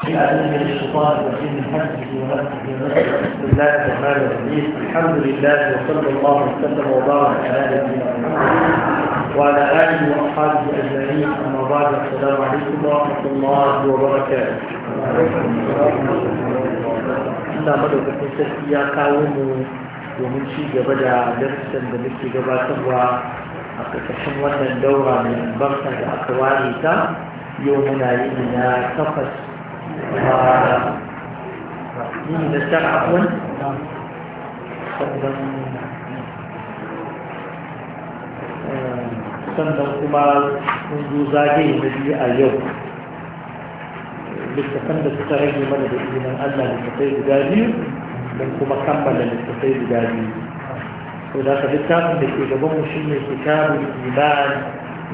الحمد لله وصلى الله وسلم وبارك على نبينا محمد وعلى اله واصحابه اجمعين اما بعد السلام عليكم ورحمه الله وبركاته. Allah madaukakin sarki ya kawo mu domin ci gaba da darussan da muke gabatarwa a ƙarƙashin wannan daura mai albarka da aka ware ta yau muna yi na takwas مين الإسلام عفوا sannan kuma mun zo zagaye na biyu a yau littafan da suka rage mana da izinin Allah littafai guda biyu don kuma kammala littafai guda biyu to da ka littafin da ke gaban mu shine kitabul iman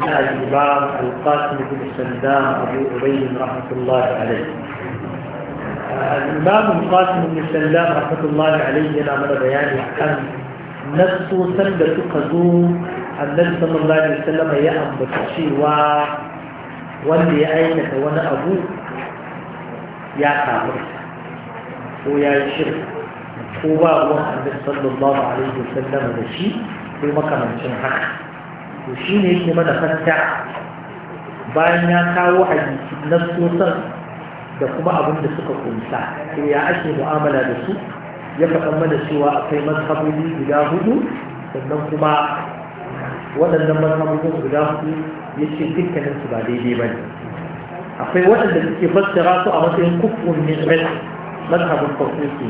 na al-imam al-qasim ibn sallam abu ubayd rahmatullahi alayhi الإمام القاسم بن سلام رحمة الله عليه أنا من بيان عن نفسه سنة قدو النبي صلى الله عليه وسلم يأمر شيوا واللي أينك وأنا أبوه يا كافر ويا شرك هو النبي صلى الله عليه وسلم مشي في مكان من حق وشي ne yake mana fanta bayan ya kawo hadisi na sosan da kuma abin da suka kunsa sai ya ake mu'amala da su ya faɗa mana cewa akwai mazhabobi guda hudu sannan kuma waɗannan mazhabobin guda hudu ya ce dukkanin su ba daidai ba ne akwai waɗanda suke fassara su a matsayin kufun min rai mazhabin kwakwuki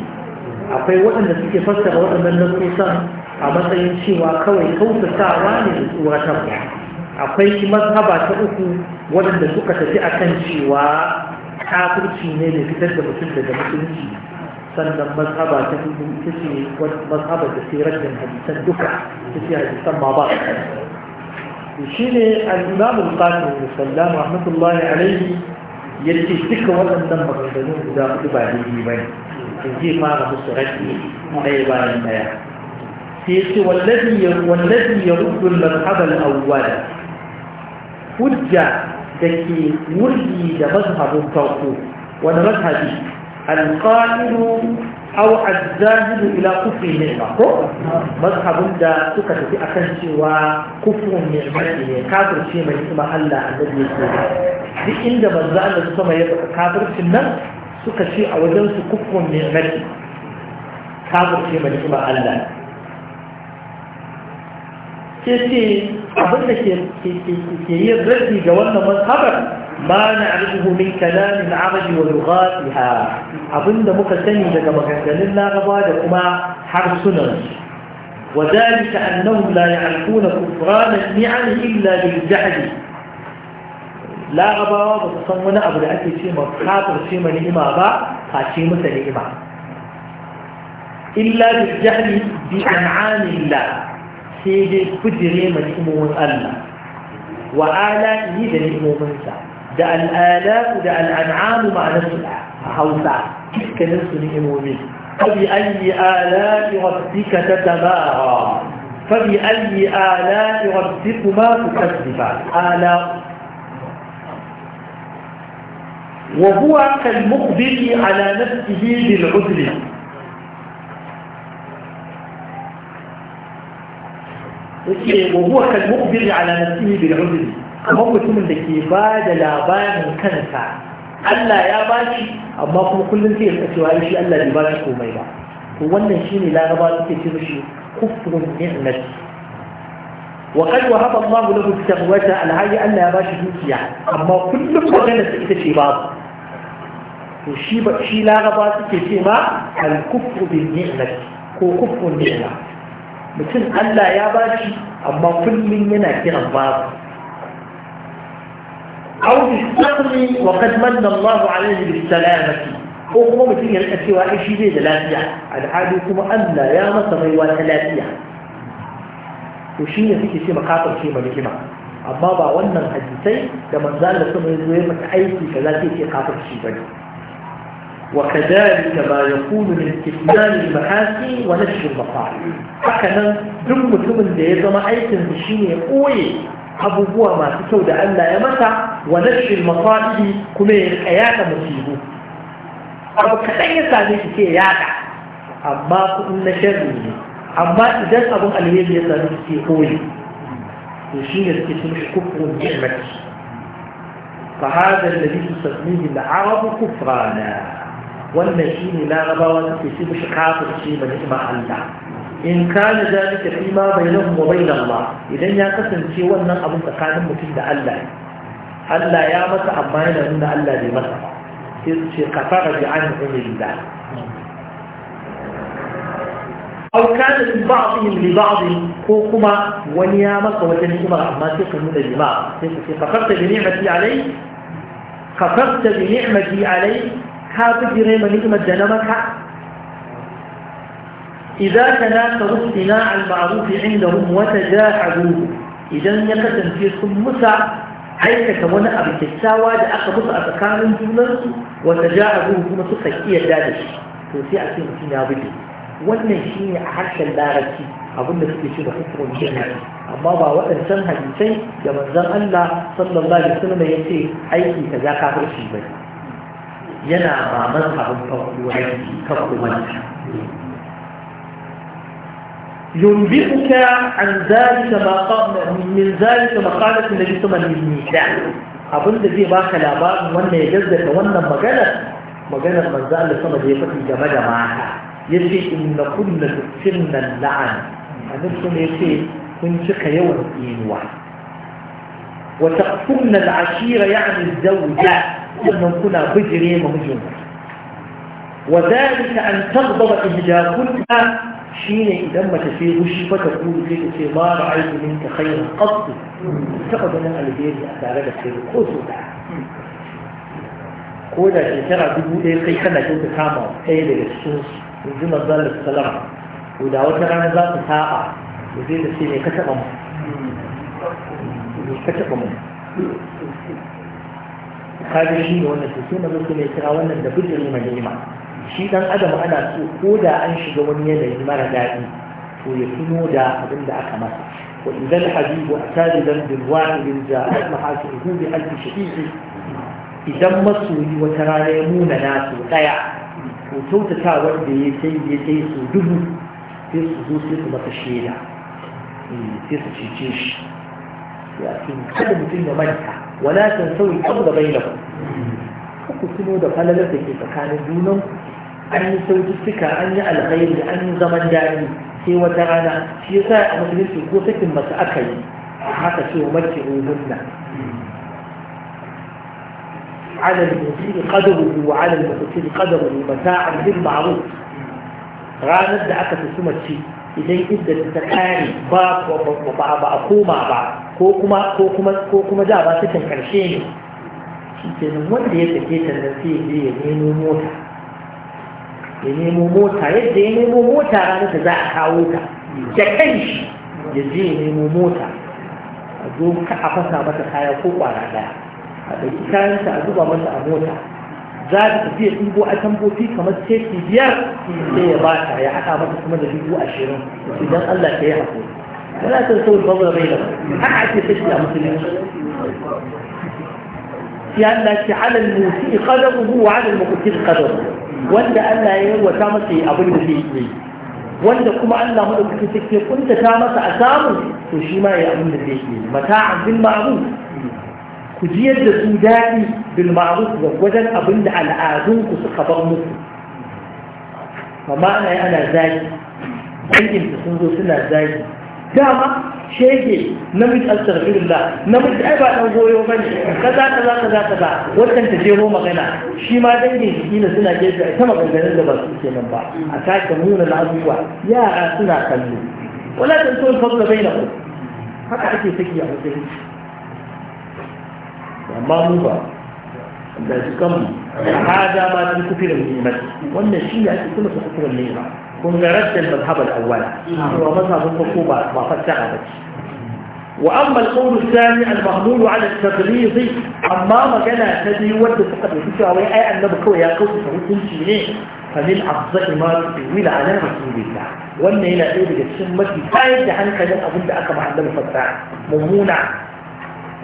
akwai waɗanda suke fassara waɗannan nasosan a matsayin cewa kawai kautatawa ne da tsoratarwa akwai mazhaba ta uku waɗanda suka tafi akan cewa kafirci ne da fitar da mutum daga musulunci sannan mazhaba ta hudu ita ce mazhaba da sai rashin hadisan duka ita ce hadisan ma ba shi ne al-imam al-qasim bin sallam rahmatullahi alaihi yace duka waɗannan maganganu guda hudu ba daidai bane to zai fara musu rashi ɗaya bayan ɗaya sai ce wallazi wallazi yaruddu al-mazhaba al-awwal hujja da ke wurgi da mazhabin farko wani mazhabi alƙa'ilu aw azzahidu ila kufri ba ko mazhabin da suka tafi akan cewa kufrun ni'ma ne kafirce mai ni'ma Allah annabi yake duk inda manzo Allah sama ya faɗa kafircin nan suka ce a wajen su kufrun ni'ma kafirce mai ni'ma Allah sai ce abin da ke yin raddi ga wannan mazhabar ma na arzuhu min kalamin arabi wa lughatiha abin da muka sani daga maganganun laraba da kuma harsunan وذلك أنهم لا يعرفون كفران النعم إلا بالجهل لا غبا بتصمنا أبو لأكي شيما خاطر شيما نئما با خاشيما نئما إلا بالجهل بأنعام الله sai kujire ma ni'imomin Allah wa ala yi da ni'imominsa da al'ada da al'an'amu ma'anar su a hausa dukkanin su ni'imomi fabi ayi ala yi rabbika ta tabara fabi ayi ala yi rabbikuma ku kasbifa ala wa وهو ala على bil بالعدل وهو كان مقبل على نفسه بالعذر أما مثل ذلك بعد لابان كنسا ألا يا باشي أما كم كل شيء أسوأ شيء ألا لباشي كوميرا هو أن الشيء لا نبات في شيء كفر نعمة وقد وهب الله له التقوى على هاي ألا يا باشي دوكيا أما كل ما كنسا إذا شيء بعض وشي لا نبات في كل ما الكفر بالنعمة كفر نعمة mutum Allah ya ba shi amma kullum yana kiran babu أو بالسقم وقد da الله عليه بالسلامة ko kuma mutum ya rika cewa in shi zai da lafiya alhali kuma Allah ya masa maiwa ta lafiya to shi ne suke ce makafar ce ma hikima amma ba wannan hadisai da manzo Allah sama ya zo ya mata aiki kaza sai ce kafir shi bane وكذلك ما يكون من استكمال المحاسن ونشر المصاعب فكما دم ثم اللي يزمع اي تنبشين يقوي ابو بوا ما تتودى ان لا يمتع ونشر المصاعب كما يرقياك مصيبه أبو كتن يسعني كي يعدع أما كن نشره أما إذن أبو أليم يسعني كي يقوي يشين يسكتن كفر النعمة فهذا الذي تسميه العرب كفرانا wannan shi ne larabawa suke shi bishi kafirce ba ni'ima Allah in kana zalika fi ma bainahum wa bain Allah idan ya kasance wannan abun tsakanin mutum da Allah Allah ya masa amma yana nuna Allah bai masa ba sai su ce kafara bi an umilla aw kana min ba'dihim li ba'd ko kuma wani ya maka wata ni'ima amma sai ka nuna lima sai su ce kafarta bi ni'mati alai kafarta bi ni'mati alai ka bijire ma ni'imar da na maka idza kana tarusina al ma'ruf indahum wa tajahadu idan ya kasance sun musa aikata wani abu kyakkyawa da aka musu a tsakanin junansu wata ja'azu kuma suka iya da shi to sai a ce mutum ya bude wannan shi ne a harshen larabci abin da suke ce da hukumar jihar amma ba waɗancan hadisai da manzon Allah sallallahu alaihi wasallam ya ce aiki kaza kafirci bane يلا مذهب الفضل والذي تقومت ينبئك عن ذلك ما من ذلك ما قالت النبي صلى الله عليه وسلم أظن ذي باك لابان وانا يجزك وانا مجالة مجالة من ذلك صلى الله عليه وسلم جمد معها يسي إن كل تسمى اللعن أنا سمي يسي كنت كيوم إنوان وتقتلن العشيرة يعني الزوجة لما كنا بجري مهجوم وذلك أن تغضب إحداكن شين إذا ما تفي غشي فتقول في ما رأيت منك خير قط فقد أنا الذي أتعرض خير قوسه ko da shekara dubu ɗaya kai kana kyauta kama ɗaya daga cikin rundunar zalar السلام to da wata rana za ta sa'a to zai ka taɓa mu kaga shi ne wannan kira wannan da bijiri ma shi dan adam ana so ko da an shiga wani yanayi mara daɗi to ya tuno da abin da aka masa Ko idan habibu atalidan bil wa'il ja'at mahasibuhu bi alfi shafi'i idan masoyi wata rana ya muna na su daya to kyautata wanda ya sai ya sai su dubu sai su zo sai su masa shaida eh, sai su cece shi لكن قدم مثل يمنع ولا تنسوا الأرض بينهم فكسنوا دفالة لتكي كان دونهم أن يسوي يسوجدك أن غير أن زمن جاني في وتعالى في ساعة مثل سجوتك مسأكي حتى شو مجعوهن على المسيء قدره وعلى المسيء قدره متاعا بالمعروف ranar da aka fi su idan iddar ta kare ba ba a koma ba ko kuma ko kuma ko kuma da ba cikin karshe ne shi ke nan wanda ya sake ta da sai ya nemo mota ya nemo mota yadda ya nemo mota ranar da za a kawo ta da shi ya je ya nemo mota a zo a fasa mata kaya ko kwara daya a ɗauki ta a zuba mata a mota za ta tafi ya ɗibo a tambofi kamar teki biyar sai ya ba ta ya haɗa mata kuma da dubu ashirin idan Allah ta yi haƙuri wala ta sau da wani rai da haka ake tafi a musulunci ya Allah ce alal musi qadamu wa alal muqtir qadamu wanda Allah ya yarwata masa abin da zai yi wanda kuma Allah madaukakin take kunta ta masa a samu to shi ma ya abin da zai yi mata'an bil ma'ruf ku ji yadda su daɗi bil ma'ruf ga wajen abin da al'adunku suka bar muku amma ana yi ana zagi danginta sun zo suna zagi dama shege namiji astaghfirullah namiji ai ba ɗan goyo bane kaza kaza kaza kaza wannan ta jero magana shi ma dangin shi kila suna gefe ta maganganun da ba su nan ba a take nuna al'abuwa yara suna kallo wala bai na bainakum haka ake saki a musulunci amma mu ba da su kanmu hada ma sun kufirin ni'imar wannan shi ne ake kuma su kufirin ni'ima kun ga raddal mazhabar awwal cewa mazhabin farko ba ba ba وأما القول الثاني المحمول على التغليظ أما ما كان تدري فقط يفكر أو أن بكوا يا قوم فهو فمن أفضل ما تقول على رسول الله وأن إلى إيه بجسم ما في فائدة عن كذا أبدا أكما عندما فتاة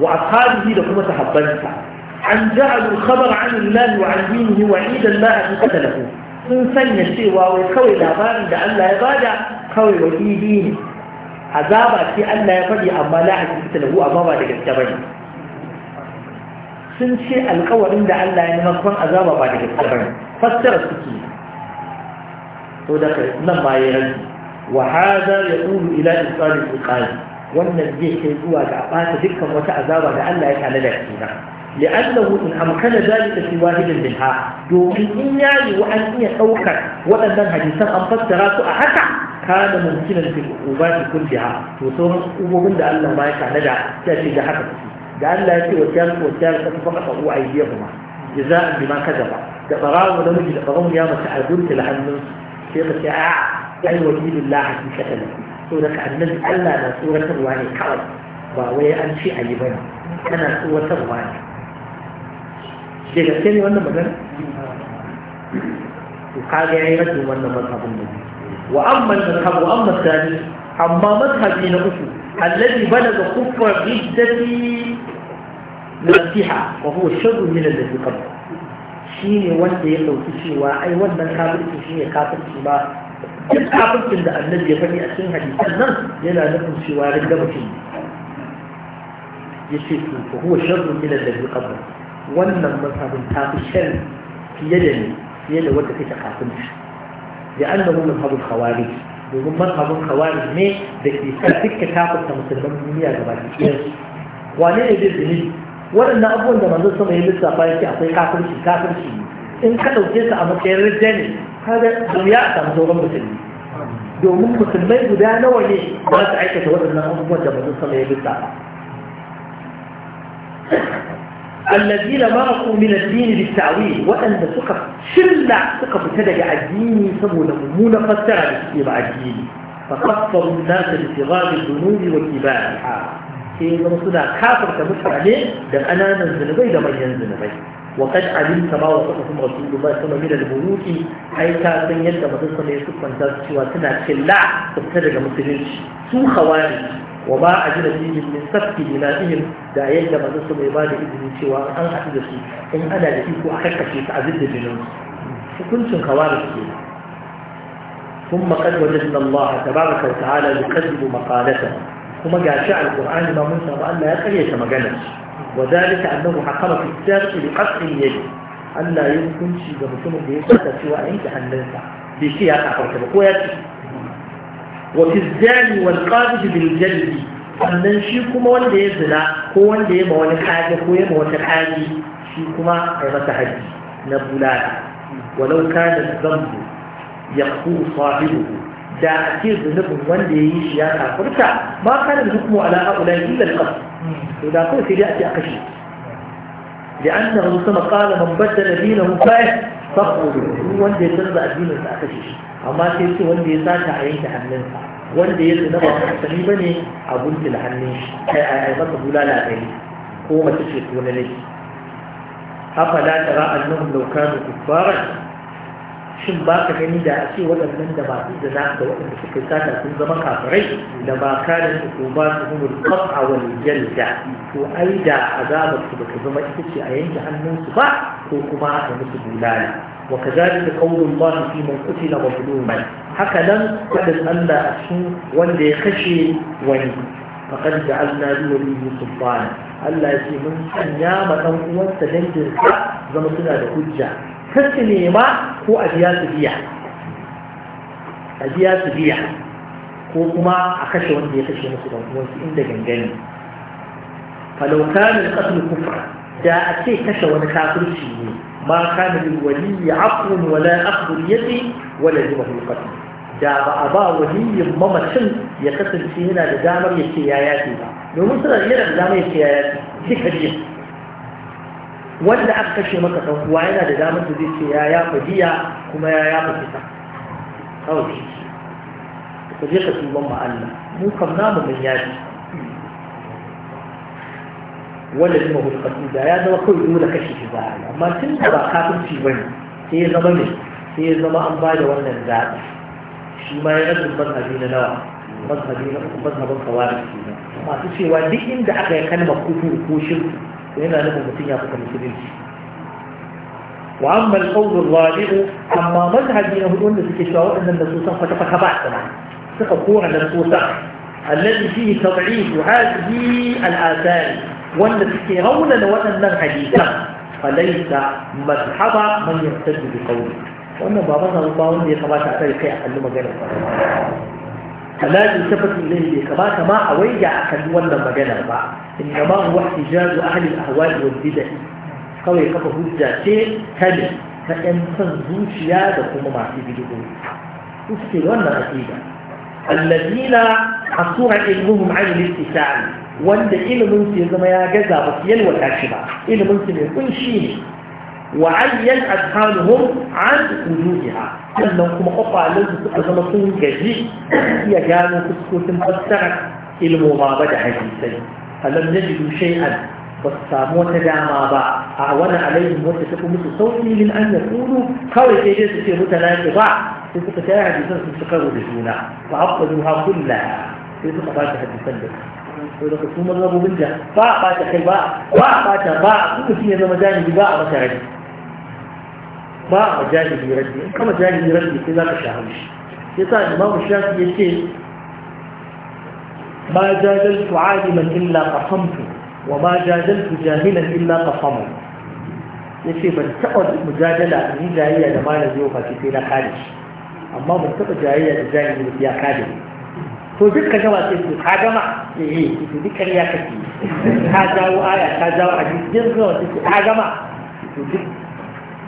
وأصحابه لكم تحبنسا عن جعل الخبر عن الله وعن دينه وعيد الله قتله من سنة سيوا ويكوي لابان إذا ألا يبادع كوي وفي دين عذابا في ألا يبادع أما لا حد قتله أما ما لك الجبن سن شيء القوى عند ألا ينقفن عذابا ما لك الجبن فاستر السكين وذكر نما يرد وهذا يقول إلى إنسان القاضي wannan zai kai zuwa ga ɓata dukkan wata azaba da Allah ya لأنه إن أمكن ذلك في واحد منها دون إن يعي وأن يتوقع وأن الحديثان أن فترات أحكا كان ممكنا في العقوبات كلها وصور أمور ده الله ما لها تأتي ده حكا ده لا يأتي وتيار وتيار فقط هو أيديهما جزاء بما كذب da barawo namiji da barawo ya mace a gurke la'annun sai ka ce سورة النجم ألا سورة الواني حرب باوية أنشي أيبان أنا سورة الواني جلسيني وانا مدن وقال يا عيرت وانا مذهب النجم وأما المذهب وأما الثاني أما مذهب من الرسل الذي بلغ كفر جدة نصيحة وهو شر من الذي قبل شيني وانت يلو تشيوا أي وانا كابل تشيني كابل تشيوا duk kafircin da annabi ya faɗi a cikin hadisan nan yana nufin cewa rinda mutum ya ce to ko huwa sharrun da alladhi qabla wannan mazhabin ta fi sharri fiye da ni fiye da wanda take kafin shi da annabi mazhabul khawarij domin mazhabin khawarij ne da ke kan dukkan kafirta musulman duniya da gaba ɗaya wane ne zai zini waɗannan abubuwan da manzon sama ya lissafa ya ce akwai kafirci kafirci ne in ka ɗauke a matsayin rijja ne kaga duniya samu sauran musulmi domin musulmai guda nawa ne za su aikata waɗannan abubuwan da mazun sama ya ba الذين مرقوا من الدين بالتعويل وأن سقف شلع سقف تدج الدين سمون ممون فسر يبع الدين فكفروا الناس بصغار الذنوب وكبارها كي نصنع كافر كمشرع عليه قال أنا ننزل بي ده ما ينزل بي وقد علمت ما وصفهم رسول الله صلى الله عليه وسلم أي كان يدى مدرسة يسوف من ذلك وتنا كلا ابتدى مسلمين سو خوارج وما أجل فيهم من سفك دمائهم دا يدى مدرسة عبادة إذن سوى أن أحد شيء إن أنا لديك أحق شيء أعزد جنون فكنت خوارج كلا ثم قد وجدنا الله تبارك وتعالى يكذب مقالته kuma gashi alkur'ani ba mun samu Allah ya karyata maganar shi وذلك أنه حقل في السابق لقطع اليد أن لا يمكن شيء بمثل بيسكت سوى أن تحملك بشيء أخر كبقوات وفي الزاني والقابض بالجلد أن شيكما ولي زنا هو ولي مولى حاجة هو مولى حاجة شيكما أي مسحج نبولات ولو كان الذنب يقفو صاحبه da a ce zunubin wanda ya yi shi ya kafurta ma kana da hukumu ala haula illa al-qasr to da kawai sai dai a ce a kashe لأنه ثم قال من بدل دينه فاه فاقبله وان دي ترضى دينه تأكشش أما تيسي وان دي ساكا عين تحملها وان دي يتنبع تحسني بني أبون تلحنيش أي غطب لا لا أي هو ما تشرك ولا ليش أفلا ترى أنهم لو كانوا كفارا shin ba ka gani da a ce waɗannan da ba da za da waɗanda suka yi sata sun zama kafirai da ba ka da su ba su kuma kafa wani jalda to ai da azabar su baka zama ita ce a yanke hannunsu ba ko kuma a musu bulala wa kazalika qawlu Allah fi man qutila mazluman haka nan fadin Allah a cikin wanda ya kashe wani faqad ja'alna li waliyyi sultana Allah ya ce mun sanya ma ɗan uwansa dangin zama suna da hujja ta su nema ko a biya su biya a biya su biya ko kuma a kashe wanda ya kashe musu don uwansu inda gangani falaukanin ƙasar kufra da a ce kashe wani kafirci ne ma kana lil wani afun wala akhdhu wani wala yubahu qatl da ba a ba waliyin mamacin ya kasance yana da damar ya ce ya yafe ba domin suna yana da damar ya ce ya yafe duka biyu wanda aka kashe maka ɗan uwa yana da damar da zai ce ya yafa diya kuma ya yafa fita kawai shi ka je ka tuban ma Allah mu kam namu mun yafi wanda zai mahu da ya zama kawai dole kashe shi ba amma tun da ba kafirci ba ne sai ya zama ne sai ya zama an bada wannan zaɓi shi ma ya rasa mazhabi na nawa mazhabi na mazhabin kawai masu cewa duk inda aka yi kalmar kufur ko shirku لأنه لم يكن يعطيك مثلين وعما القول الراجع عما مذهب منه أن الكشارة أن النسوسة قد تخبعت معه تخبوع النسوسة الذي فيه تضعيف هذه الآثار والتي كيرون وأن الحديثة فليس مذهب من يرتد بقوله وأن بعضنا الله يتخبعت على الخيار أنه مجال القرار kalaji tabbatin ne bai kamata ma a waiga a kan wannan maganar ba in gama huwa hijazu ahli ahwali wal bidah kawai kafa hujjace, ce kale ta son zuciya da kuma masu bidigo su suke wannan aƙida allazina asura ilmuhum an littisali wanda ilmin ya zama ya gaza ba su yalwata shi ba ilmin mai kunshi ne وعين أذهانهم عن وجودها لأنهم قطع لذلك أظمتهم كجي يجانوا كسكوت مبسرة المغابدة حديثة فلم نجدوا شيئا بس مو تدعم أبا أعوان عليهم وتشكوا مثل صوتي من أن يكونوا قوي تجيز في متناقضة تسكوا تجاه حديثة تستقروا بجونا فأفضلوها كلها تسكوا تجاه حديثة لك ويقول لك سوما الله بمجا با با تخيبا با با تبا كنت فيها زمجاني ببا ba a jahili rabbi in kama jahili rabbi sai zaka ka sha haushi ya imamu shafi yake ba jahil jadaltu aliman illa qasamtu wa ma jadaltu jahilan illa qasamu yace ban taba mujadala ni jahiliya da malam yau ba sai na kadi amma ban taba jahiliya da jahili ya kadi to duk ka gama sai su ka gama eh to duk kariya kake ka jawo aya ka jawo hadisi yanzu ka gama to duk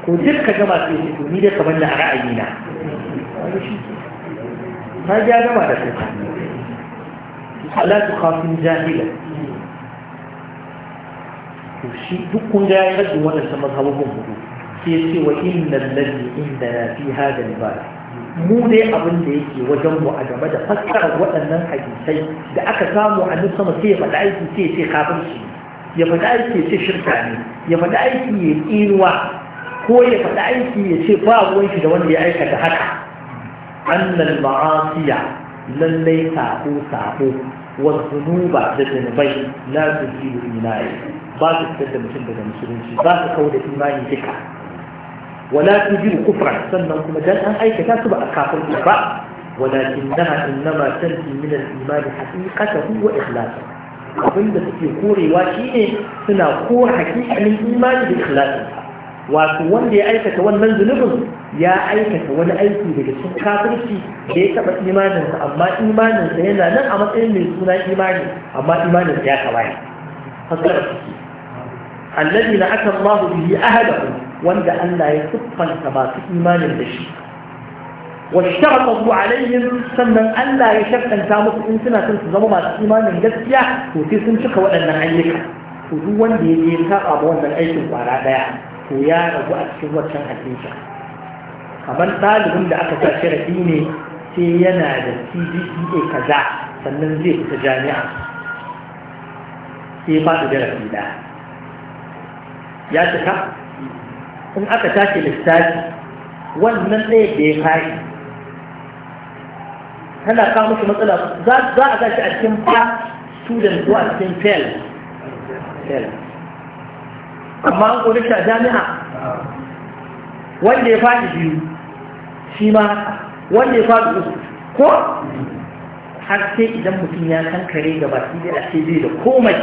ko duk ka gama sai ce ni dai kamar da ra'ayi na na ya gama da kai Allah tu kafin jahila to shi duk kun ga ya rage waɗannan mazhabobin hudu sai ce wa innal ladhi inda ya fi hada ibada mu dai abin da yake wajen mu a game da fassarar waɗannan hadisai da aka samu a nan sama sai ya faɗi aiki sai ya ce kafin shi ya faɗi aiki ya ce shirka ne ya faɗi aiki ya tsinuwa ko ya faɗi aiki ya ce ba ruwan shi da wanda ya aikata haka annal ma'asiya lallai sako sako wa zunuba da zunubai la tujibu imani ba su fitar da mutum daga musulunci ba su kawo da imani duka wala tujibu kufra sannan kuma dan an aikata su ba a kafin ba ولكنها إنما تنفي من الإيمان حقيقته وإخلاصه abin da suke korewa shine suna ko hakikalin imani da ikhlasin wato wanda ya aikata wannan zunubin ya aikata wani aiki daga cikin kafirci da ya taba imaninsa amma imaninsa yana nan a matsayin mai suna imani amma imaninsa ya kawai hasar allazi na aka mahu bihi ahadahu wanda Allah ya siffanta masu imanin da shi واشترطوا عليهم sannan Allah ya shartanta musu in suna son su zama masu imanin gaskiya to sai sun cika waɗannan ayyuka to duk wanda ya je ta abu wannan aikin kwara daya to ya rabu a cikin wancan hadisi kamar ɗalibin da aka sa sharaɗi ne sai yana da cgpa kaza sannan zai fita jami'a sai ba da darasi da. ya cika in aka tashi lissafi wannan ɗaya da ya faɗi tana kawo musu matsala za a gashi a cikin fa student ko a cikin fail fail amma an kone shi a jami'a wanda ya faɗi biyu shi ma wanda ya faɗi uku ko har sai idan mutum ya kankare gaba shi da ake bai da komai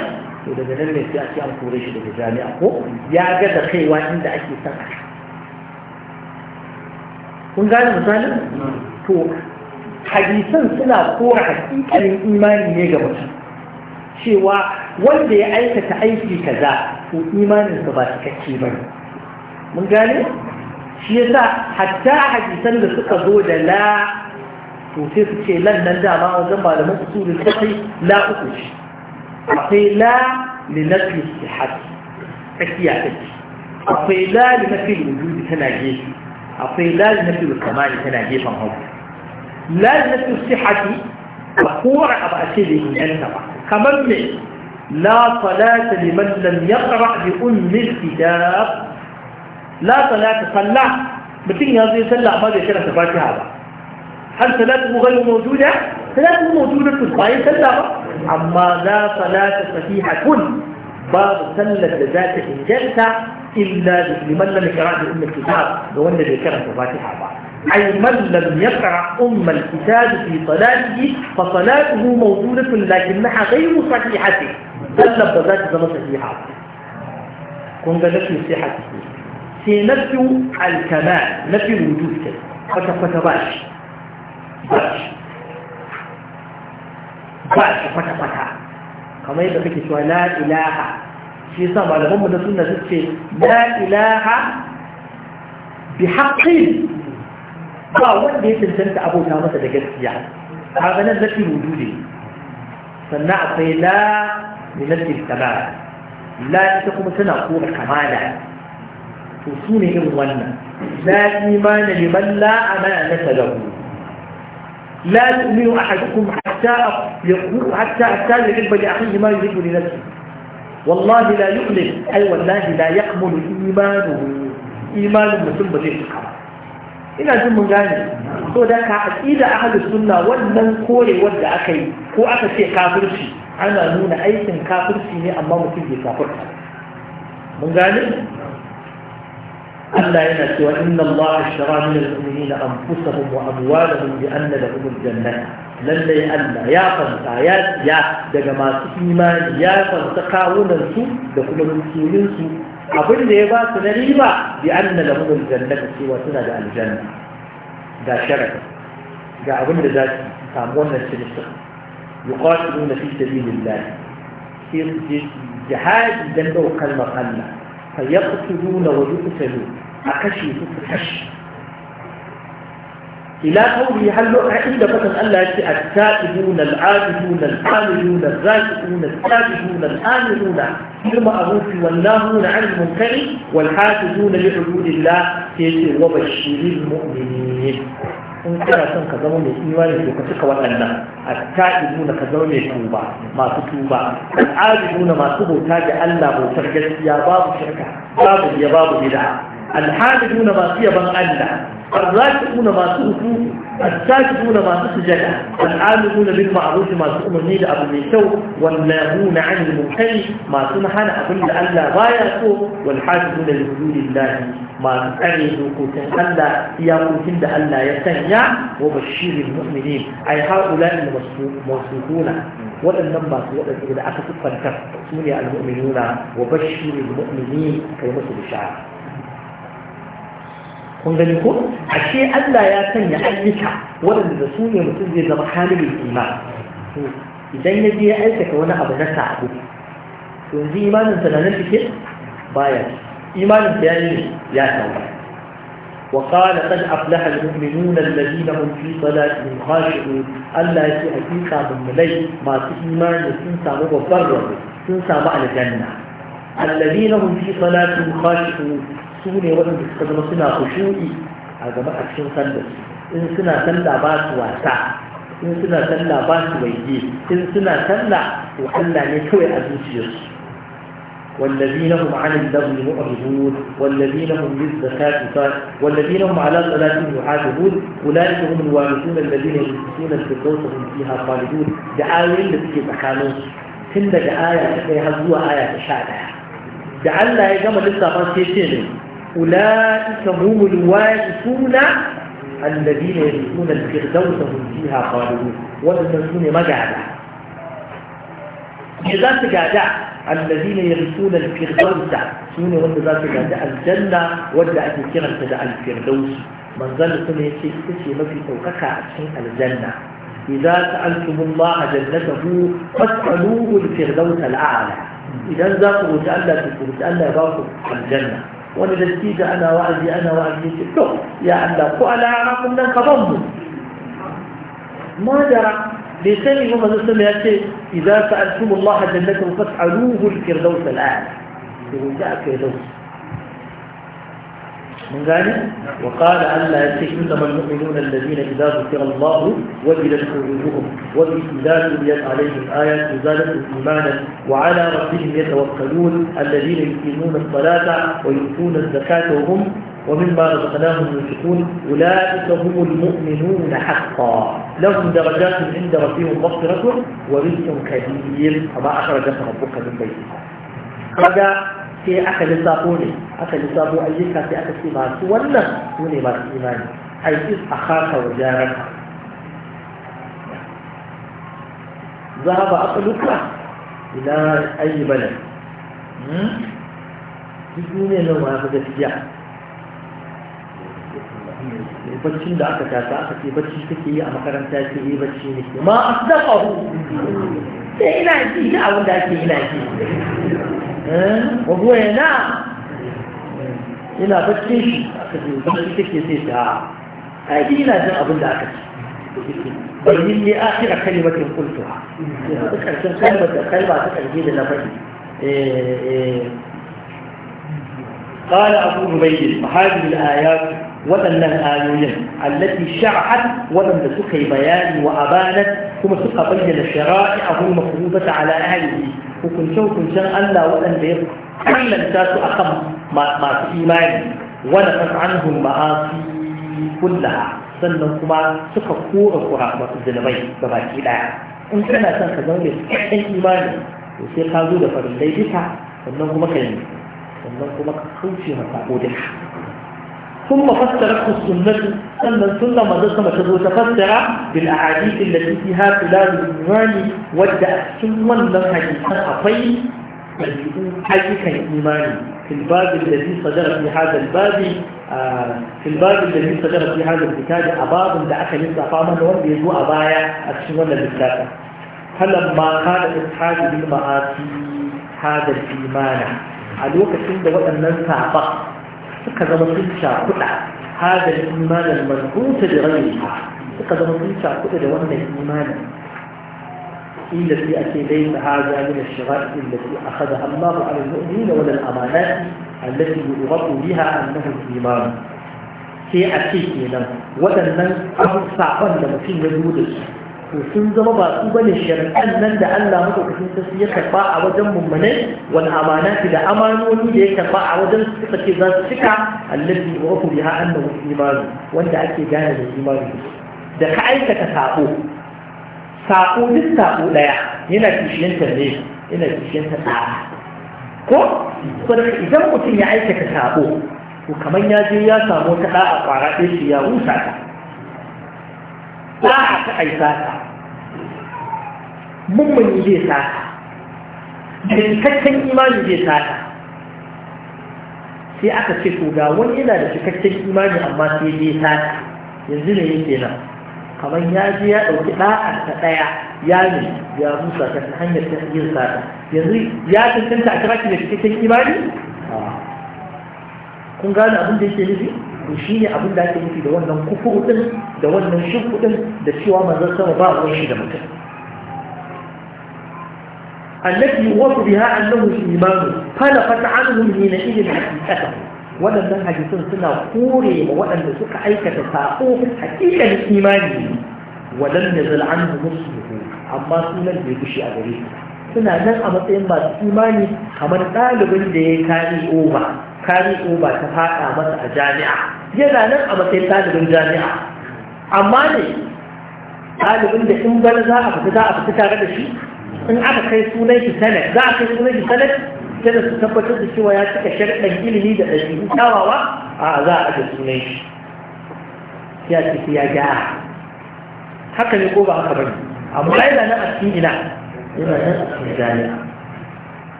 to daga nan ne sai a ce an kore shi daga jami'a ko ya ga da kaiwa inda ake son a kun gane misali mm. to hadisan suna kora hakikalin imani ne ga mutum cewa wanda ya aikata aiki kaza to imaninsa ba cikakke ba mun gane shi yasa hatta hadisan da suka zo da la to sai su ce lan nan dama wajen malaman usulul fiqh la uku ce akwai la li nafi sihat tsakiya take akwai la li nafi wujud tana gefe akwai la li nafi kamali tana gefen hagu la li nafi sihati ba kora abu a ce da inganta ba كمان لا صلاة لمن لم يقرأ بأم الكتاب لا صلاة صلاة بتيجي هذه صلاة ما بيجي كده سبعتي هل صلاة مغلو موجودة؟ صلاة موجودة في الصلاة صلاة أما لا صلاة صحيحة كل باب صلاة ذات الجلسة إلا لمن لم يقرأ بأم الكتاب لو أن ذكرت كده سبعتي أي من لم يقرأ أم الكتاب في صلاته فصلاته موجودة لكنها غير صحيحة بل بذات زمن صحيحة كن نفي صحيحة في نفي الكمال نفي الوجود كده فتا فتا باش باش باش فتا فتا كما يبقى في شوى لا إله في سامع لهم من السنة لا إله بحق ba wanda ya cancanta abota masa da gaskiya kaga nan zafi wujudi sannan akwai la milatin kamala la ita kuma tana kora kamala to su ne irin wannan la imana liman la amana ta lahu la yu'minu ahadukum hatta yaqulu hatta hatta yuhibba li akhihi ma yuhibbu li nafsihi والله لا يؤمن أي والله لا يكمل إيمانه إيمان المسلم بالإسلام ina jin mun gane so da ka aqida ahli sunna wannan kore wanda aka yi ko aka ce kafirci ana nuna aikin kafirci ne amma mutum bai kafirta mun gane Allah yana cewa inna Allah ashtara min al-mu'minina anfusahum wa amwalahum bi anna lahum al-jannah lallai Allah ya fanta ya ya daga masu imani ya fanta kawunan su da kuma dukiyoyin abin da ya ba su na riba bi anna lahum lamunin jannata cewa suna da aljanna ga sharaka ga abin da za su samu wannan cinikin yuqatilu na fi sabilillah sai su je jihadi dan daukar makalla fa yaqtuluna wa yuqtalu akashi su kashi إلى قوله هل لو عند فتن الله يتي الكاتبون العابدون الحاملون الراكعون الكاتبون الآمرون كما أروف والناهون عن المنكر والحافظون لحدود الله يتي وبشر المؤمنين إن كان سن كذا من إيمان يتوقع تلك وطنة الكاتبون كذا من توبة ما تتوبة العابدون ما تبو تاج الله وترجل يا باب شركة باب يا باب بدعة الحافظون ما تيبا الله الراكبون ما تركوا الساجدون ما تسجد العاملون بالمعروف ما تؤمرني لأبو ميسو والناهون عن المنكر ما سنحن أبو لألا يركوا والحاجبون لحدود الله ما أريدوا كوتن ألا يقوتن ألا يتنيا وبشير المؤمنين أي هؤلاء الموصوفون waɗannan masu waɗanda da aka siffanta su ne al-mu'minuna wa kun gani ko ashe Allah ya sanya ayyuka waɗanda su ne mutum zai zama kamilin iman idan ya je ya aikata wani abu na sa'adu to yanzu imanin sa na nan take baya imanin sa yayi ya tauba wa qala qad aflaha almu'minun alladhina hum fi salatihim khashi'un Allah ya ce hakika mulai masu imani sun samu babbar rabo sun samu aljanna alladhina hum fi salatihim khashi'un su ne waɗanda suka zama suna kushu'i a gaba a cikin sallar in suna sallah ba su wasa in suna sallah ba su waige in suna sallah to Allah ne kawai a zuciyarsu والذين هم عن اللغو معرضون والذين هم للزكاة والذين هم على صلاتهم يحافظون أولئك هم الوارثون الذين يلبسون الفردوس هم فيها خالدون دعاوين التي تكانون tun daga aya ta kai har zuwa aya ta sha ɗaya da Allah ya gama lissafa sai أولئك هم الوارثون الذين يرثون الفردوس هم فيها خالدون ما جعل إذا تجعل الذين يرثون الفردوس سوني وإذا ذات جعل الجنة وإذا أتكر الفردوس من ظل كما شيء تشيء ما في توقك عشان الجنة إذا سألتم الله جنته فاسألوه الفردوس الأعلى إذا ذاقوا تألا تكون تألا الجنة wani dattijo ana wa'azi ana wa'azi yake to ya Allah ko ala harakun nan ka mu madara bai sani ba manzo sallallahu ya ce idza sa'altumullaha jannatan fas'aluhu al-firdaus al-a'la to da aka yi من ذلك وقال ألا يستشهد من المؤمنون الذين إذا ذكر الله وجلت قلوبهم وإذا تليت عليهم آيات زادتهم إيمانا وعلى ربهم يتوكلون الذين يقيمون الصلاة ويؤتون الزكاة وهم ومما رزقناهم ينفقون أولئك هم المؤمنون حقا لهم درجات عند ربهم مغفرة ورزق كبير وما أخرجك ربك من بيتك sai aka lissafo ne aka lissafo ayyuka sai aka ce ba su wannan su ne masu imani aiki a haka wa jaraka za ba a tsaluka ila ayi bala hmm? duk duniya nan ma gaskiya baccin da aka tasa aka ce bacci take yi a makaranta ce yi eh, bacci ne ma a dafa hu sai ina ji da abin da ake ina ji إيه؟ وبوينا إلى بكتش بكتش هذه لا جاء أبو الله بين لي آخر كلمة قلتها كلمة كلمة قال أبو مبين هذه الآيات waɗannan ayoyin allati shar'at waɗanda suka yi bayani wa abanat kuma suka bayyana shara'i'ahu mafrudata ala ahlihi hukuncen hukuncen Allah waɗanda ya kallanta su akan masu imani wa nafat anhum ma'asi kulla sannan kuma suka kora kura masu zunubai gabaki daya in kana son ka zama mai cikakken imani to sai ka zo da farin duka sannan kuma ka yi sannan kuma ka kauce masa ko ثم فسرته السنة أن السنة ما دسم تدو بالأحاديث التي فيها فلان الإيمان ودع السنة من حديثا أطيب حديث الإيمان في الباب الذي صدر في هذا الباب آه، في الباب الذي صدر في هذا الكتاب أباب دعك من فاما وان بيزو أبايا السنة للكتاب فلما كان إسحاق بالمعاصي هذا الإيمان عند وقت أن وأن ننسى suka zama sun cakuɗa hada imanin mazbuta da rai suka zama sun cakuɗa إلا في أتي ليس هذا من الشرائع التي أخذها الله على المؤمنين ولا الأمانات التي يغط بها أنه الإيمان في أتي كينا أبو صعبا لما في وجود to sun zama ba su bane shari'an nan da Allah madaukakin sarki ya karba a wajen mummunai wal amanati da amanoni da ya karba a wajen su suka ce za su cika allazi wa ku biha annahu imanu wanda ake gane da imani da ka aikata sako sako duk sako daya yana kishiyantar ne yana kishiyantar da'a ko saboda idan mutum ya aikata sako to kamar ya je ya samu ta a kwara ɗaya shi ya rusa ta ba a ta yi sata mummuni zai sata cikakken imani zai sata sai aka ce to ga wani yana da cikakken imani amma sai zai sata yanzu ne yake nan kamar ya je ya ɗauki ɗa'ar ta ɗaya ya ne ya rusa ta hanyar ta yin sata yanzu ya cancanta a kira shi da cikakken imani kun gane abin da yake nufi to shi ne abin da ake nufi da wannan kufur din da wannan shirku din da cewa manzon sama ba ruwan shi da mutum التي يوصف بها أنه الإمام فلفت عنهم حينئذ حقيقته waɗannan hadisin suna kore waɗanda suka aikata saƙo hakikalin imani ne wadan da zal'an musulmi amma sunan bai gushi a gare suna nan a matsayin masu imani kamar ɗalibin da ya kare oba kari ba ta fada masa a jami'a yana nan a matsayin talibin jami'a amma ne talibin da in bar za a fita za a fita tare da shi in aka kai sunan shi sanad za a kai sunan shi sanad sai da su tabbatar da cewa ya cika sharɗan ilimi da ɗabi'u kyawawa a za a ga sunan shi ya ce ya gyara haka ne ko ba haka bane amma yana nan a cikin ina yana nan a cikin jami'a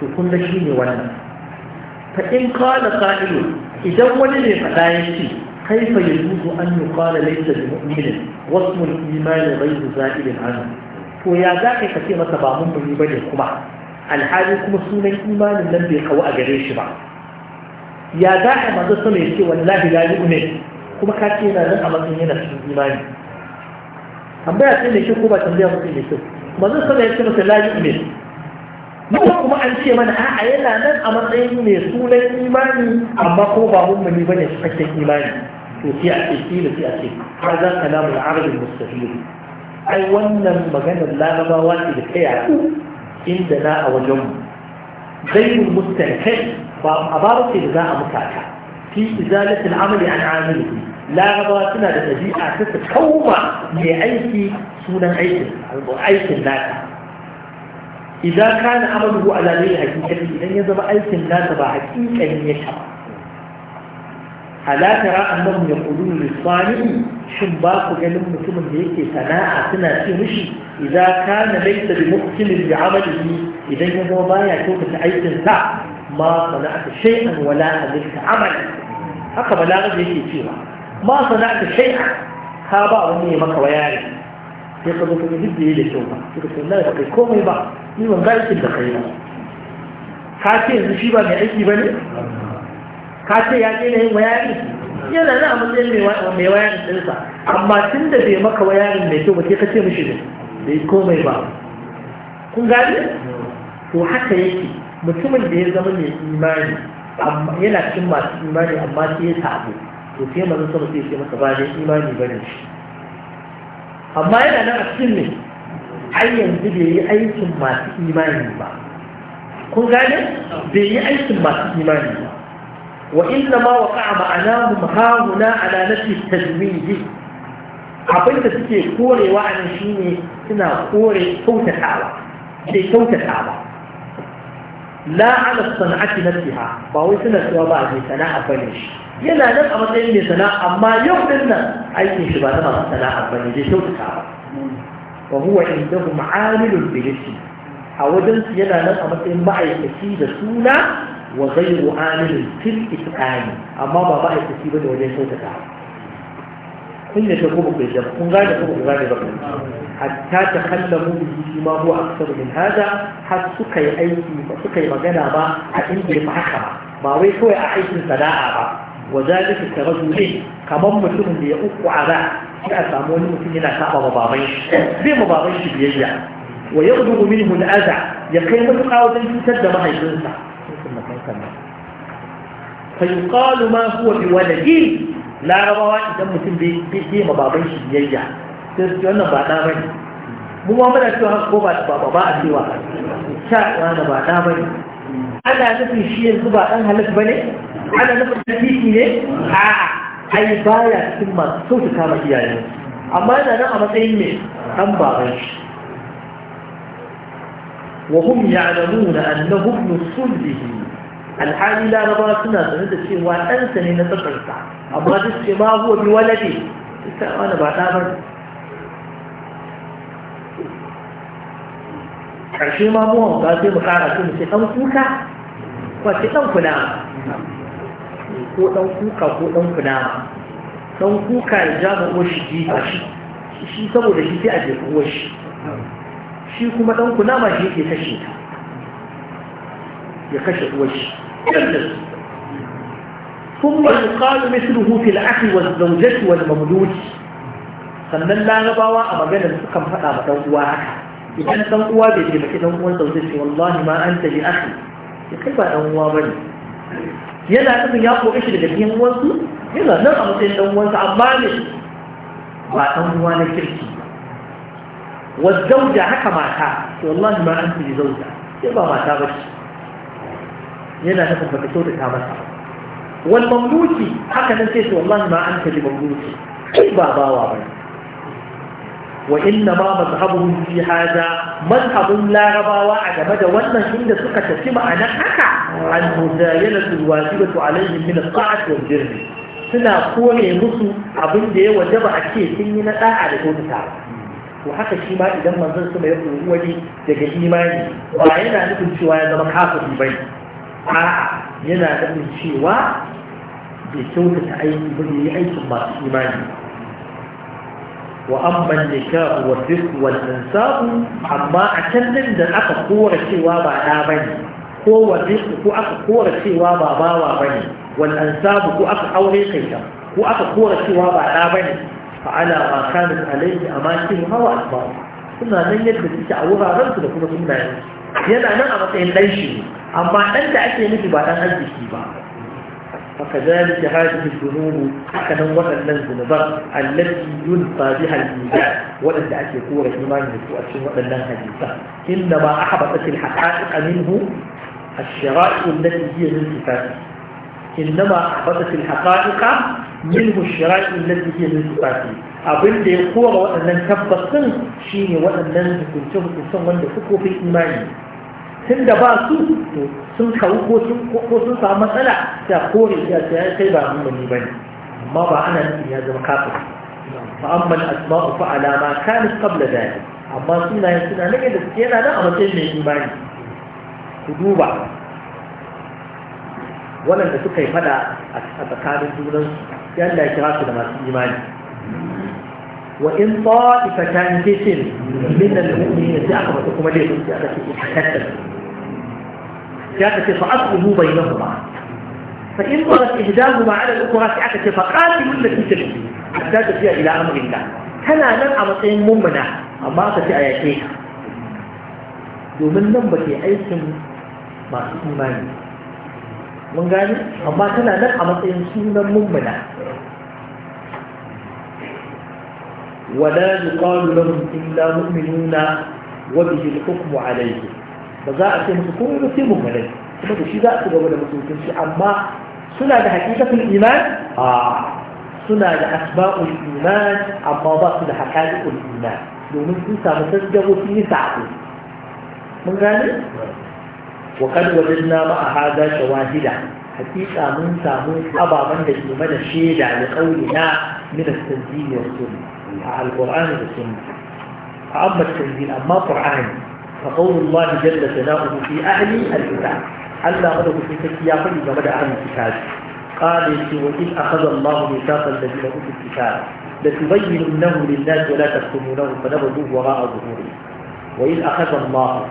to kun da shi ne wannan fa in kala sa'ilu idan wani ne fada yake kai fa yanzu ko an yi kala laisa bi mu'minin wasu imani bai da za'ilin hannu to ya za ka kace masa ba mun bari bane kuma alhali kuma sunan imanin nan bai kawo a gare shi ba ya za ka maza sama yake wallahi la yu'min kuma ka ce yana nan a matsayin yana cikin imani tambaya ce ne ke ko ba tambaya mutum ne ce maza sama yake masa la yu'min Mun kuma an ce mana a'a yana nan a matsayin mai sunan imani amma ko ba mummuni ba ne cikakken imani. To sai a ce kila sai a ce har za ka namu da arabin mustahil. Ai wannan maganar larabawa ce da ta yaɗu inda na a wajenmu. Zainul mustahil ba a babu ce da za a mutata. Fi izalatul amali an amilihi. laraba suna da ɗabi'a ta su kauma mai aiki sunan aikin aikin nata idza kana amaluhu ala ghairi haqiqati idan ya zama aikin nasa ba haqiqan ya ta hala tara annahu yaqulun lil sani shin ba ku ganin mutumin da yake sana'a suna ce mishi idza kana da bi muqtil bi amalihi idan ya zama baya kuka ta aikin sa ma sana'a shay'an wala alika amal haka balagha yake cewa ma sana'a shay'an ka ba wani ya maka bayani sai ka zo ka ga duk da yi da kyau ba suka ce Allah ya kai komai ba ni ban ga aikin da kai ba ka ce yanzu shi ba mai aiki ba ne ka ce ya daina yin wayarin yana na a matsayin mai wayarin sa, amma tun da bai maka wayarin mai kyau ba sai ka ce mishi ne bai komai ba kun gani to haka yake mutumin da ya zama mai imani yana cikin masu imani amma sai ya sabo to sai manzon sama sai ya ce maka ba ne imani ba ne shi amma yana nan a cikin ne har yanzu bai yi aikin masu imani ba kun gane bai yi aikin masu imani ba wa inna ma waqa'a ma'anahum hauna ala nafsi tajwidi abin da suke korewa a nan shine suna kore kyautatawa sai kyautatawa la ala sana'ati nafsiha ba wai suna cewa ba a sana'a bane shi yana nan a matsayin mai sana'a amma yau din nan aikin shi ba na masu sana'a ba ne zai kyautata ba wa huwa indahu ma'amilun bi a wajen su yana nan a matsayin ma'aikaci da suna wa ghayru amilin fil itqani amma ba ma'aikaci ba da wajen kyautata kun ne ta kuma kai jama'a kun gane kuma kun gane ba hatta ta kallamu bihi shi ma huwa aksaru min hada har suka yi aiki ba suka yi magana ba a inda ya haka ba ba wai kawai a aikin sana'a ba wa zalika ka rajulin kamar da ya uku a za sai a wani mutum yana saba ma baban shi zai biyayya wa yaghdu minhu al-adha ya kai matuƙa wajen fitar da mahaifinsa فيقال ما هو بولده لا رواء إذا متن بيه ما بابن شديجة تسجون بعنا من مو ما بدأ تها كوبا بابا بابا سوا شاء وانا بعنا من أنا نفي شيء كوبا أنا هلك بني ana nufin ne a ai baya cikin masu so su kama amma yana nan a matsayin ne dan baban shi wa hum ya'lamuna annahum musullihi alhali la rabba suna sanin da cewa ɗansa ne na tsakarsa amma duk ce ma huwa bi waladi wani ba ta ba karshe mu kara sai mu ce dan kuka ko kula ko ɗan kuka ko ɗan kunama ɗan kuka ya ja ma uwar shi jifa shi shi saboda shi sai a jefa uwar shi shi kuma ɗan kunama shi yake kashe ta ya kashe uwar shi ثم يقال مثله في الأخ والزوجة والمولود sannan larabawa a maganar sukan faɗa ma ɗan uwa haka idan ɗan uwa bai taimaki ɗan uwan sau sai wallahi ma an tabi akhi ya kai ba ɗan uwa bane yana nufin ya kore shi daga biyan wasu yana nan a matsayin dan uwansa amma ne ba dan uwa na kirki wa zauja haka mata to wallahi ma an fi zauja sai ba mata ba shi yana nufin ba ta kyautata masa wal mamluki haka nan sai to wallahi ma an fi mamluki kai ba bawa ba ne wa inna ma mazhabuhum fi hada mazhabun larabawa a game da wannan inda suka tafi ma'anar haka an mudayyana turwajiba tu alaihim min sa'at wa jirmi suna kore musu abinda da ya waje ba a ce sun yi na da'a da ko ta to haka shi ma idan manzon su mai koyi wani daga imani ba yana nufin cewa ya zama kafiri ba A'a yana nufin cewa bai kyautata aiki ba yi aikin masu imani وأما النكاح والرفق والأنساب أما أتنن دا أكا قورة سوابا آبني هو الرفق كو أكا قورة سوابا باوا بني والأنساب كو أكا أولي قيتا كو أكا قورة سوابا آبني فعلى ما كانت عليه أماكنها وأسبابها suna nan yadda suke a wurarensu da kuma sunayen yana nan a matsayin ɗan shi amma ɗan da ake nufi ba ɗan arziki ba وكذلك هذه الذنوب حكنا وأن الذنوب التي يلقى بها الميزان وأن تأكيكور إيمان بسوء وأن إنما أحبطت الحقائق منه الشرائع التي هي من صفاته إنما أحبطت الحقائق منه الشرائع التي هي من صفاته abin da وأن kora waɗannan وأن shine waɗannan hukunce-hukuncen wanda suko tun da ba su sun kawo ko sun samu matsala da kore ya ce kai ba mun bane ne. amma ba ana nufin ya zama kafir fa asmau fa ala ma kanat da dhalik amma sunayen suna nake da suke yana nan a matsayin mai imani ku duba waɗanda suka yi fada a tsakanin junansu yadda ya kira su da masu imani wa in ta'ifatan kishin min al-mu'minin sai aka mata kuma dai sun ci aka سيأتي فأصله بينهما فإن ظلت إهداهما على الأخرى سيأتي فقاتل التي تجد حتى تفيا إلى أمر الله كان لن أمطين ممنا أما تفي آياتيها domin nan ba ke aikin masu imani mun gani amma tana nan a matsayin sunan ولا يقال لهم إلا مؤمنون وبه الحكم عليهم ba za a ce musu komai ba sai mummunai kuma da shi za a ci gaba da mutunci amma suna da hakikatul iman a suna da asba'ul iman amma ba su da haqa'iqul iman domin sun samu tasgaro sun yi sa'o mun gane wa kad wajadna ma hada shawahida hakika mun samu ababen da ke mana shaida da kaulina min at-tanzil wa sunna a al-qur'ani da sunna a amma at-tanzil amma qur'ani فقول الله جل جلاله في أهل الكتاب ألا غلب في إذا بدأ أهل الكتاب قال إذ أخذ الله ميثاق الذين أوتوا الكتاب لتبيننه للناس ولا تكتمونه فنبذوه وراء ظهوره وإذ أخذ الله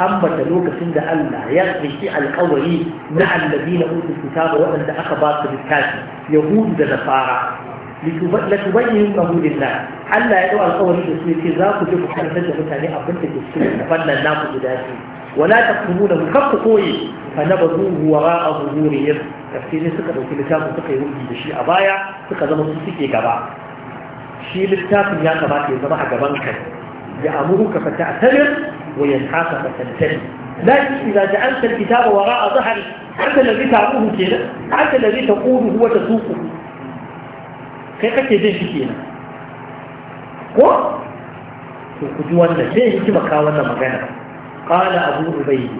أمة تلوك سند ألا يقضي في القوي مع الذين أوتوا الكتاب وأن أخبار الكاتب يهود نصارى لتبين انه لله حلا يدعو القول باسم الكذاب وجيب حلا فجاه فتاني ابنت الدستور فلا الناس بذاته ولا تكتمونه كف قوي فنبذوه وراء ظهورهم تفسير سكر وفي لتاب سكر يؤدي بشيء ابايا سكر زمن سكي جبا شيء لتاب يا كباتي زمع جبانك يأمرك فتعتمر وينحاك فتنتهي لكن إذا جعلت الكتاب وراء ظهرك أنت الذي تعبوه كذا أنت الذي تقول هو تسوقه kai أبو jin shi kenan ko to ku ji wannan sai wannan magana qala abu ubayd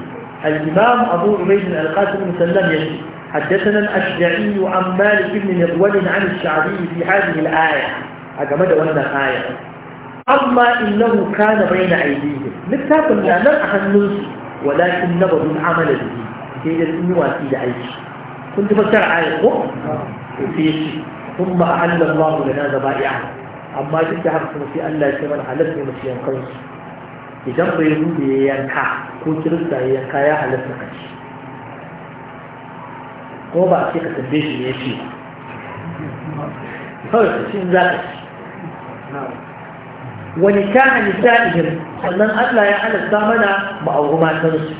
al-imam abu ubayd al-qasim bin sallam yace حدثنا الأشجعي عن مالك بن مغول عن الشعبي في هذه الآية أجمد وانا آية أما إنه كان بين أيديهم لكتاب لا نرأى النص ولكن نبض العمل به أن يواتي لعيش كنت بسرع آية وفي ثم أحل الله لنا ذبائعهم أما جدت حقا في ألا يتمنى مسيح مشي ينقنص إذن بيهودي ينكع كنت رسا ينكع يا حلفنا قنش هو بقى في قتل بيش يشي هو يقسم ذاك ونكاح نسائهم sannan Allah ya halatta mana ma'aurumatarsu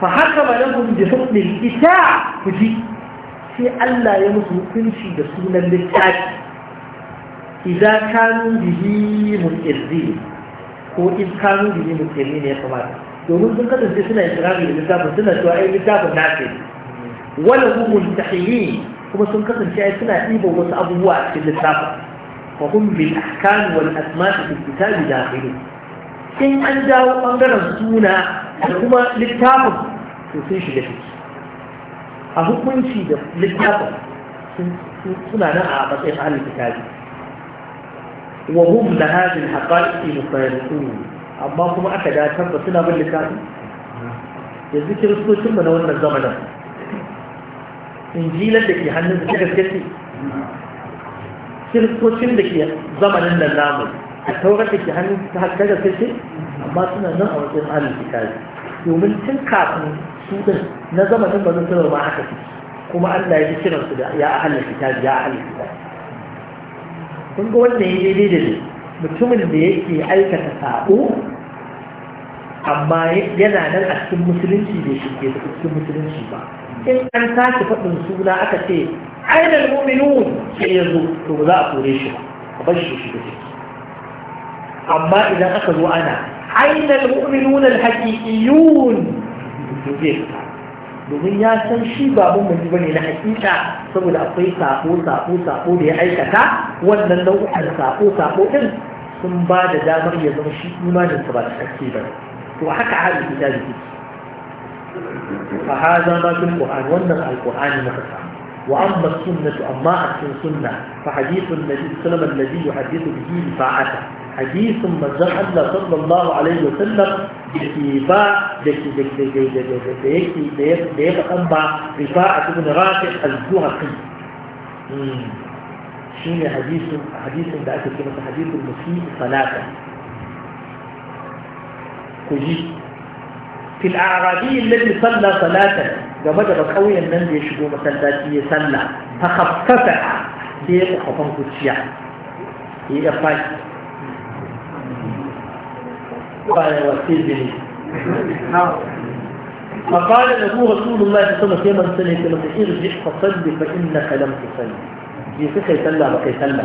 fa haka malakun bi hukmin ita kuji sai Allah ya musu hukunci da sunan littafi idza kanu bihi mutirzi ko in kanu bihi mutirzi ne kuma kamata domin sun kasance suna ikirari da littafin suna cewa ai littafin ce wala hum mutahili kuma sun kasance ai suna ɗiba wasu abubuwa a cikin littafin fa hum bil ahkam wal asma' fi kitabi dakhili in an dawo bangaren suna da kuma littafin to sun shiga ciki a hukunci da littafin suna nan a matsayin ahalin kitabi wa hum da hajjin haƙaƙi mufarriku amma kuma aka dace ba suna bin littafin yanzu kiristocin mu na wannan zamanin injilan da ke hannun su gaske kiristocin da ke zamanin nan namu a taurar da ke hannun su ta gaske amma suna nan a matsayin ahalin kitabi domin tun kafin su din na zamanin manzon sallallahu ma haka su kuma Allah ya ji kiran su da ya ahlul kitab ya ahlul kitab kun ga wannan yayi daidai da mutumin da yake aikata sabo amma yana nan a cikin musulunci bai shige da cikin musulunci ba in an tashi faɗin suna aka ce ainihin muminun sai ya zo to ba za a kore shi ba a bar shi shiga ciki amma idan aka zo ana ainihin muminun alhaƙiƙiyun to zai fita domin ya san shi ba mun mutu bane na hakika saboda akwai sako sako sako da ya aikata wannan nau'ukan sako sako din sun ba da damar ya zama shi imanin sa ba cikakke ba to haka hali ita da take fa hada ma fil qur'an wannan alqur'ani muka samu وأما السنة أما السنة فحديث النبي صلى الله عليه وسلم الذي يحدث به بطاعته حديث من زن الله صلى الله عليه وسلم بكيبا بيتأمع رفاعة بن رافع الزهقي شين حديث حديث ده أكيد كلمة حديث المسيء صلاة كجي في الأعرابي الذي صلى صلاة جمع جمع قوي النبي دي يشبه مسلاتي صلى فخففها دي خفن كتشيع هي إفاكي قال يوسيل به نعم. فقال له رسول الله صلى الله عليه وسلم سنة سنة ارجع فصلي فإنك لم تصلي هي سكة يسلى بقى يسلى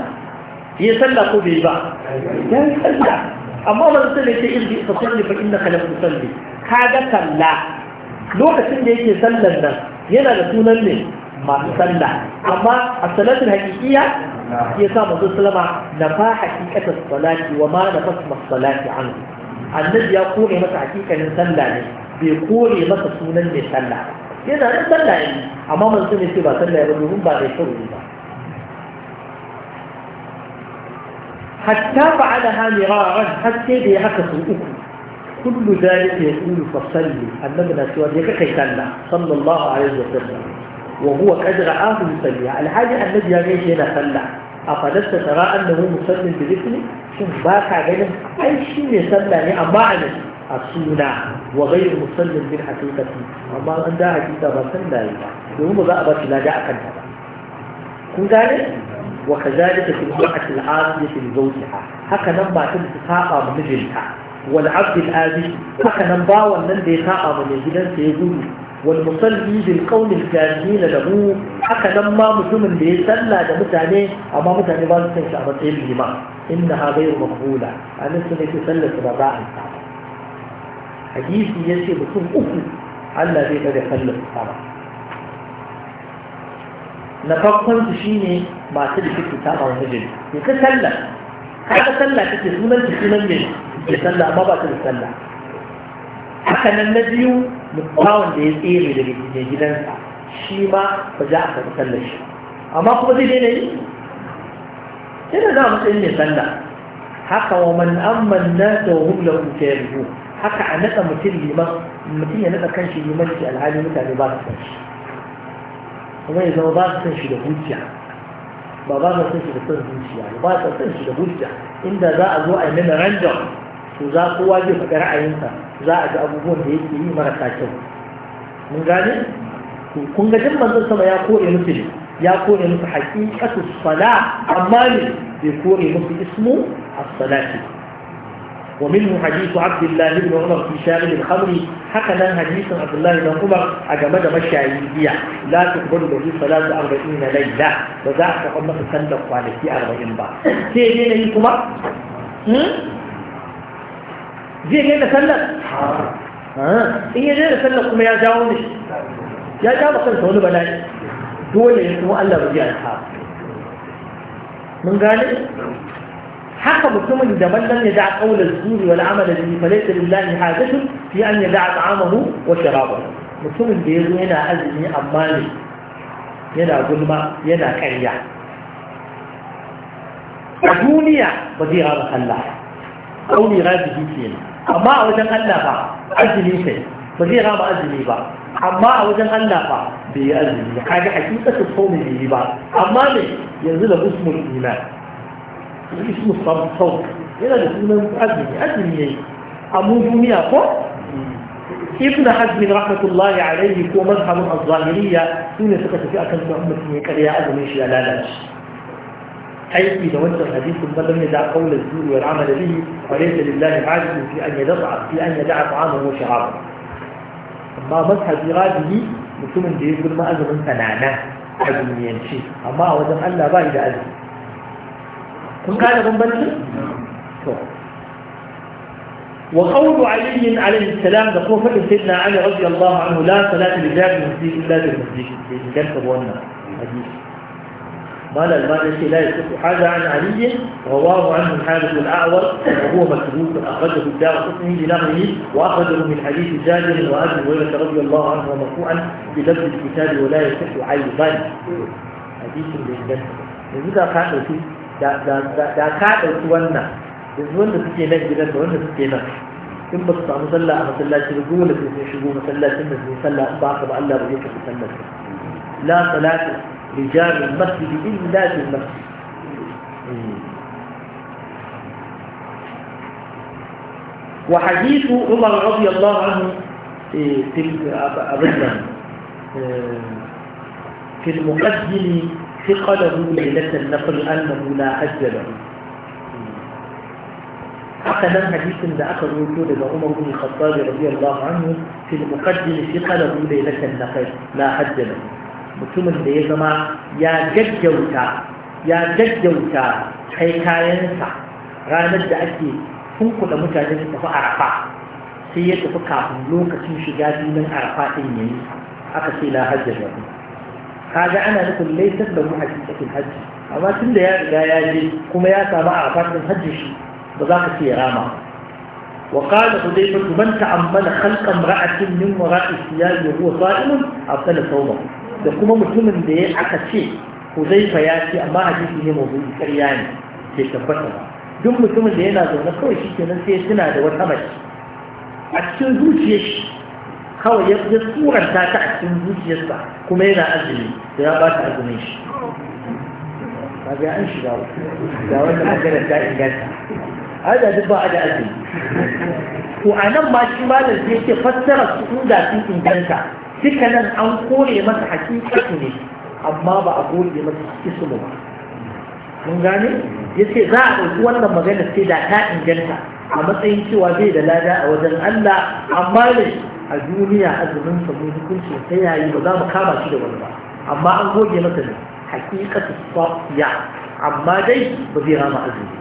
هي إيه، يسلى قبل البعض يا يسلى إيه، أما الله سنة إيه، ارجع فصلي فإنك لم تصلي هذا سلى لو كنت يجي يسلى هنا رسول الله ما تسلى أما الصلاة الحقيقية هي نعم. الله صلى الله عليه وسلم نفع حقيقة الصلاة وما نفسم الصلاة عنه annabi ya kore masa hakikanin sallah ne bai kore masa sunan mai sallah yana da sallah ne amma manzo ne ce ba sallah ba domin ba da shiru ba hatta fa'alaha miraran hatta da ya haka su uku kullu dalika yaqulu fa salli annabi na cewa da kai sallah sallallahu alaihi wa sallam wa huwa qad ra'ahu yusalli alhaji annabi ya gaishe yana sallah أفلست ترى أنه مسلم بذكري ثم باكا غنم أي شيء يسلم يعني أما أنا السنة وغير مسلم بالحقيقة أما أن ده حقيقة بسلم لا يوم ذا أبا لا جاء كنت كنت ذلك وكذلك في المرأة العاصية لزوجها هكذا ما تنتقى من مجلها والعبد الآبي هكذا باوى من يتقى من يجلس يقول والمصلي بالقول الجاهلين له حكى لما مسلم بيسلى ده متاني أما متاني بعض تنشى عبد الإمام إنها غير مقبولة أنا سنة تسلى سبعة حديثي يشي بسم أكو على ذي قد يخلص السبعة نفقن شيني ما تلك الكتاب عن هجل يتسلى هذا سلى كتسلى كتسلى من يتسلى ما بقى تسلى حكى النبي bawan da ya tsere da mai gidansa shi ma ba za a karɓi sallar shi amma kuma zai daina yi yana za a matsayin mai sallah haka wa man amman na da hum lahu kayru haka a nada mutum liman mutum ya nada kanshi liman shi alhali mutane ba su san shi kuma ya zama ba su san shi da hujja ba ba su san shi da son zuciya ba su san shi da hujja inda za a zo a yi mana random to za kowa zai faɗi ra'ayinsa za a ga abubuwan da yake yi marasa kyau mun gane kun jimman zan sama ya kore musu ne ya kore musu haƙi ƙasa sala amma ne bai kore musu ismu a salati wa min hadisu abdullahi ibn umar fi sha'ir haka nan hadisin abdullahi ibn umar a game da mashayi mashayin biya la tuqbalu bi na arba'in layla ba za ka kuma sallar kwanaki arba'in ba sai ne ne kuma hmm? zai daina sallar in ya daina sallar kuma ya jawo ne? ya jawo kansa wani bala'i dole ya kuma Allah ba zai alfa mun gane haka mutumin da man lam yada'a qawla az-zuri wal 'amala da falaysa lillahi hajatun fi an yada'a ta'amahu wa sharabahu mutumin da zo yana azumi amma ne yana gulma yana ƙarya a duniya ba zai rama Allah أو ميراثه كينا أما أوجن الله با أجلي شيء فزي غام أجلي أما أوجن الله با بأجلي حاجة حقيقة الصوم اللي با ينزل اسم الإيمان اسم الصوم صوم الإيمان أجلي أمو دنيا فوق ابن حزم رحمة الله عليه هو مذهب الظاهرية سنة سكت في أكل محمد من كريا أزمي شيئا لا لا حيث يتوجه الحديث ثم لم يدع قول الزور والعمل به وليس لله عاجز في ان يدع في ان يدع طعامه وشرابه. اما مسح غاده مثل من يقول ما اذن من فنانه حجم يمشي اما اذن الا با اذا اذن. كم كان من بنت؟ وقول علي عليه السلام يقول لقوفة سيدنا علي رضي الله عنه لا صلاة لجاب المسجد الا بالمسجد. قال المالكي لا يثبت هذا عن علي رواه عنه الحارث الاعور وهو مكذوب اخرجه الدار قطني لنغمه واخرجه من حديث جابر وابي هريره رضي الله عنه مرفوعا بلفظ الكتاب ولا يثبت ايضا حديث بالنسبه لذا خاطئتي da da da في wannan yanzu wanda suke nan في da wanda suke nan in ba su samu sallah a masallaci da gole sai shigo masallacin da zai sallah ba ka ba Allah ba zai ka sallah la salatu لجامع المسجد إلا في المسجد وحديث عمر رضي الله عنه أبدا آه، في المقدم ثقله ليلة النقل أنه لا حج له هكذا حديث ده أخر وجود عمر بن الخطاب رضي الله عنه في المقدم ثقله ليلة النقل لا حج له mutumin da ya zama ya gaggauta ya gaggauta kai kayansa ranar da ake kunkuɗa mutane su tafi arafa sai ya tafi kafin lokacin shiga filin arafa ɗin yayi aka ce la hajjar da ku kaga ana nufin laifin da mu hakikin hajji amma tun da ya riga ya je kuma ya samu arafa ɗin hajji shi ba za ka ce ya rama وقال حذيفة من تأمل خلق امرأة من وراء الثياب وهو صائم sau ba. da kuma mutumin da ya aka ce ku huzaifa ya ce amma hadisi ne mawdu'i ƙarya ne ke tabbata ba duk mutumin da yana zaune kawai shi kenan sai suna da wata mace a cikin zuciyar shi kawai ya tsuranta ta a cikin zuciyarsa kuma yana azumi da ya ba ta azumin shi Ba kaga an shiga da wanda maganar ta inganta ada duk ba ada azumi to a nan ma shi malam sai ce fassara su inda sun inganta duka nan an kore masa hakikatu ne amma ba a goge masa ismu ba mun gane ya ce za a ɗauki wannan magana sai da ta inganta a matsayin cewa zai da lada a wajen Allah amma ne a duniya azumin sa mun hukunci ta yayi ba za mu kama shi da wani ba amma an goge masa ne hakikatu safiya amma dai ba zai rama azumi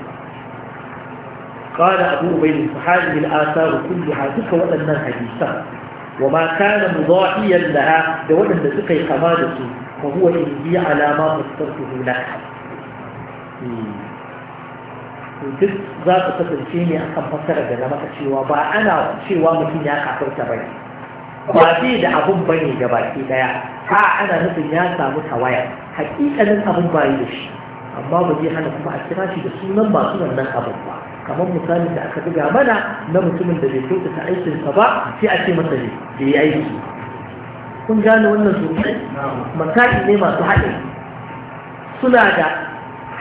قال أبو أبي الصحابي الآثار كلها ذكر وأن الحديثات وما كان مضاحيا لها دولا لتقي قمادته فهو إنجي على ما مسترته لك وجد ذات قتل شيني أقام فسر جلما تشيوا با أنا شيوا مكين يا كافر تبعي باقي ده أبو بني جباكي ده ها أنا نبني يا سامو حقيقة أنا أبو بايلش أما بدي أنا كم أشتغل ما سونا أنا أبو بايلش kamar misalin da aka buga mana na mutumin da bai kyautata aikinsa ba sai a ce masa ne bai yi aiki kun gane wannan sosai makaɗi ne masu haɗari. suna da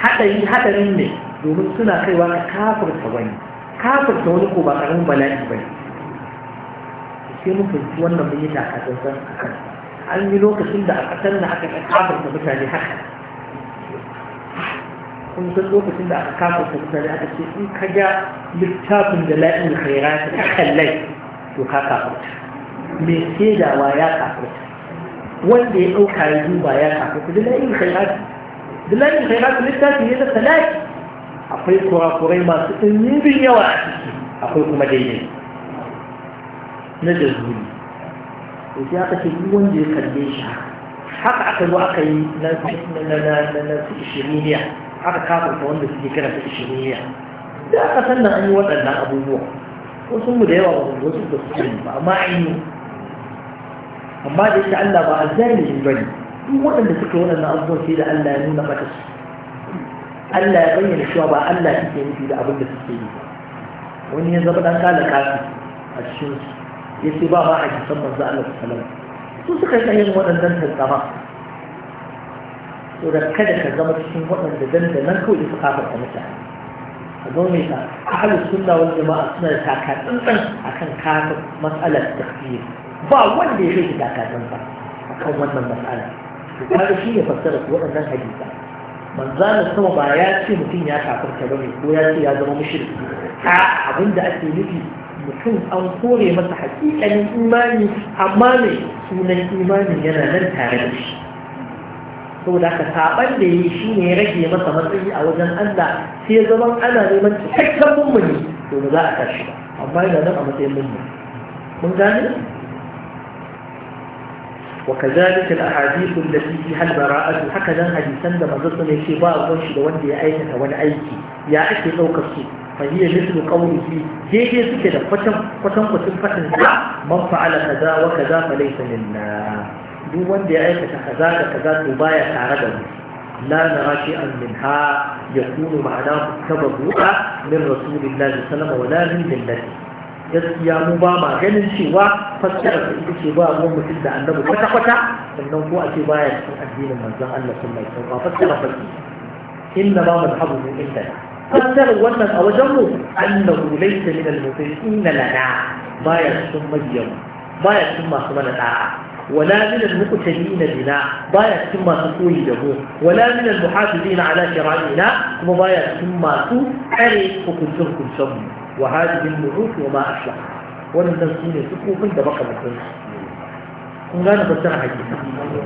haɗari haɗarin ne domin suna kaiwa na kafirta wani kafirta wani ko ba karamin bala'i ba ne sai mun fahimci wannan mun yi takatsantsan a an yi lokacin da a ƙasar da aka kafirta mutane haka kun sun lokacin da aka kama kusa da aka ce in ka ga littafin da la'in khaira ta kallai to ka kafarta mai shaidawa ya kafarta wanda ya ɗauka ya duba ya kafarta da la'in khaira da la'in khaira littafin ya zata salati akwai kurakurai masu ɗimbin yawa a ciki akwai kuma daidai na zuri to sai aka ce duk wanda ya kalle shi haka aka zo aka yi na na na na na aka kafirta wanda suke kira da ishiriniya da aka sannan an yi waɗannan abubuwa wasu mu da yawa ba wasu da suke yi ba amma an amma da yake Allah ba a zalimi ba ne duk waɗanda suke waɗannan abubuwa sai da Allah ya nuna mata su Allah ya bayyana cewa ba Allah suke nufi da abin da suke yi ba wani ya zama ɗan kala kafi a cikin su ya ce ba ma a jisan manzo Allah sallallahu alaihi wasallam su suka yi waɗannan tantsama to da kada ka zama cikin waɗanda dandanan kawai su kafa ta mutane a zaune ka ahalus suna wani jama'a suna da taka tsantsan akan kafa matsalar tafsir ba wanda ya kai taka tsantsan kan wannan matsalar to kaga shi ne fassara waɗannan hadisa manzana sama ba ya ce mutum ya kafarta ba ne ko ya ce ya zama mushriki a abinda ake nufi mutum an kore masa hakikanin imani amma ne sunan imanin yana nan tare da shi saboda haka saban da yi shi ne ya rage masa matsayi a wajen Allah sai zaman ana neman cikakken mummuni to ba za a tashi ba amma yana nan a matsayin mummuni mun gane وكذلك الأحاديث التي فيها البراءة هكذا حديثا لما ذكرنا يشي باء وشي لو أنت أيتك وأنا أيتي يا أكي لو كسي فهي مثل قوله جي جي سكي فتن فتن فتن فتن من فعل كذا وكذا فليس منا duk wanda ya aikata kaza da kaza to baya tare da mu la narashi an minha yakunu ma'ana sababu tababu'a min rasulillahi sallallahu alaihi wasallam wala min gaskiya mu ba ma ganin cewa fassara ta ita ce ba mu mutum da annabi kwata kwata sannan ko a ce baya cikin addinin manzon Allah sallallahu alaihi wasallam fassara fa inna ma madhhabu min indana fassara wannan a wajen mu annahu laysa min al-mutayyina lana baya cikin mabiyan baya cikin masu mana da'a ولا من المقتدين بنا ضايع ثم تقول له ولا من المحافظين على شرائنا ثم ثم تقول أريك وكنتركم سمي وهذه المعوك وما أشلح ولم تنسيني تقول من دبقى مكتنس ونحن نبسنا حديثا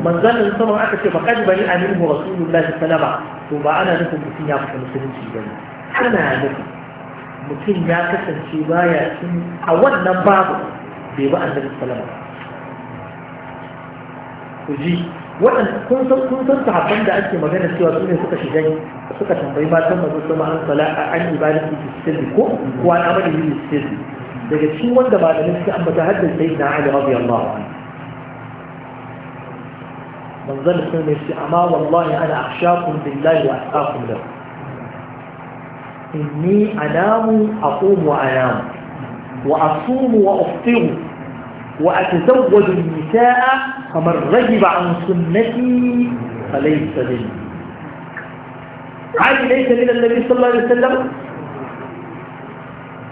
من ظن الإنسان رأيك شيء فقد بني أمينه رسول الله صلى الله عليه وسلم ثم أنا لكم في سياق المسلمين في الجنة أنا لكم mutum ya kasance baya cin a wannan babu bai ba annabi sallallahu alaihi ku ji kun san sahabban da ake magana cewa su ne suka shiga suka tambayi matan mazo sama an sala an ibadati fi sirri ko kuwa na bada yi sirri daga cikin wanda malamin suka ambata haddin sai na ali radiyallahu anhu manzon sun ne shi amma wallahi ana akhshakum billahi wa atqakum lahu inni anamu aqumu wa anamu wa asumu wa uftiru واتزوج النساء فمن رجب عن سنتي فليس مني. عادي ليس من النبي صلى الله عليه وسلم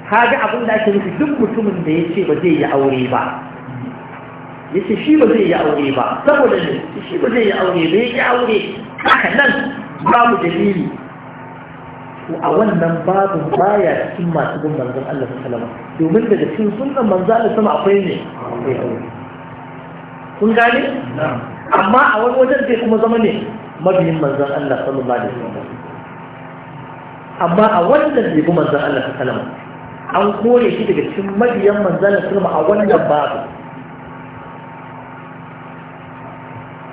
هذا أقول لك أنك دمت من ذي شيء بزي عوري بعض ليس شيء بزي عوري بعض سبب لنا شيء بزي عوري بزي عوري أحنا نعم دليل to a wannan babin baya cikin masu bin manzon Allah sallama domin daga cikin sunan manzon Allah sama akwai ne kun gane amma a wani wajen zai kuma zama ne mabiyin manzon Allah sallallahu alaihi wasallam amma a wannan zai bi manzon Allah sallama an kore shi daga cikin mabiyan manzon Allah sallama a wannan babu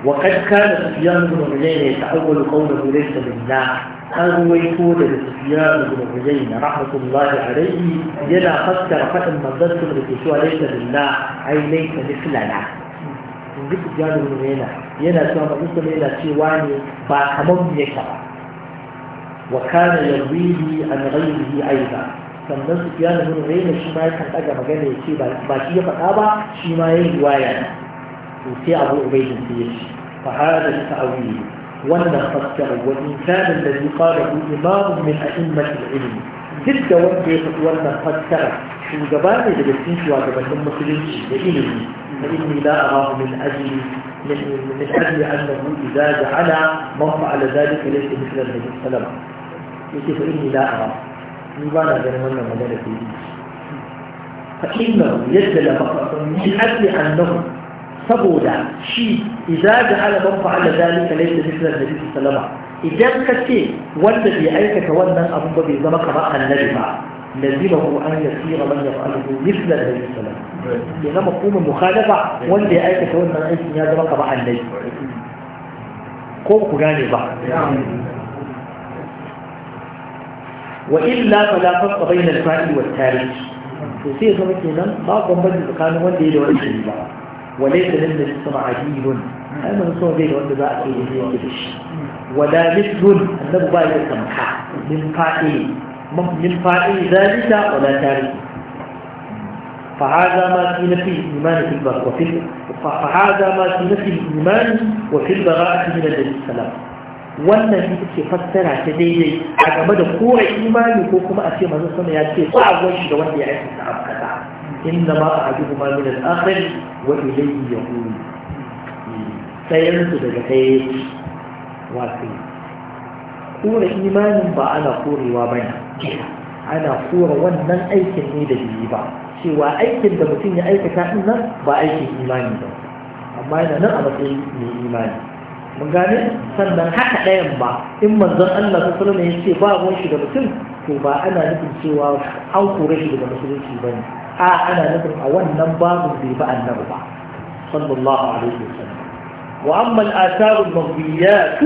وقد كان سفيان بن عيينة يتحول قوله ليس بالله an waiko daga sufiyar da hujjai na rahmatullahi alaihi yana fassara faɗin manzansu da ke cewa laita lilla ai laita mislana duk sufiyar da yana yana cewa manzansu yana cewa ne ba kamar mu yake ba wa kana yarwihi an ghairihi aiba sannan sufiyar da yana shi ma yakan daga magana ya ce ba shi ya faɗa ba shi ma yayi riwaya to sai abu ubaidin sai ya ce fa hada ta'awili ولا فكر والإنسان الذي قاله إمام من أئمة العلم جدا وجهت ولا فكر شو جبالي اللي بتنسى واجب ثم فإني لا أراه من أجل من أجل أنه إذا جعل من فعل ذلك ليس مثل النبي صلى الله عليه وسلم يقول إني لا أراه يبانا جنوانا مجالة دي فإنه يجل فقط من أجل أنه saboda shi idan da ala ban fa'ala zalika laysa mithla nabi sallama idan ka ce wanda bai aikata wannan abu ba bai zama kamar annabi ba lazimahu an yasira man yaf'aluhu mithla nabi sallama ya zama kuma mukhalafa wanda ya aikata wannan aikin ya zama kamar annabi ko ku gane ba wa illa fala farqa bayna al-fa'il wa al-tarikh to sai zama kenan ba bambanci tsakanin wanda ya da wanda ya ba وليس للذي عجيب عديل من نصوم بين وانت بقى ايه ولا مثل أنه بقى يتمحى من فائل من فائل ذلك ولا تاريخ فهذا ما في نفي الإيمان في البر وفي فهذا ما في نفي الإيمان وفي البراءة من الذي السلام wannan في ce fassara ta daidai a game da kore imani ko kuma a ce manzo sama ya ce ba wani inda ba a haƙi kuma min al'akhir wa ilayhi yaqul sayan su daga kai wasi ko da imanin ba ana korewa bane ana kora wannan aikin ne da yi ba cewa aikin da mutum ya aikata din nan ba aikin imani ba amma yana nan a matsayin imani mun sannan haka ɗayan ba in manzon Allah ta sallama ya ce ba ruwan da mutum to ba ana nufin cewa an kore shi daga musulunci ba ne a ana nufin a wannan babu bai ba annabi ba sallallahu alaihi wasallam wa amma al-atharul mawdiyat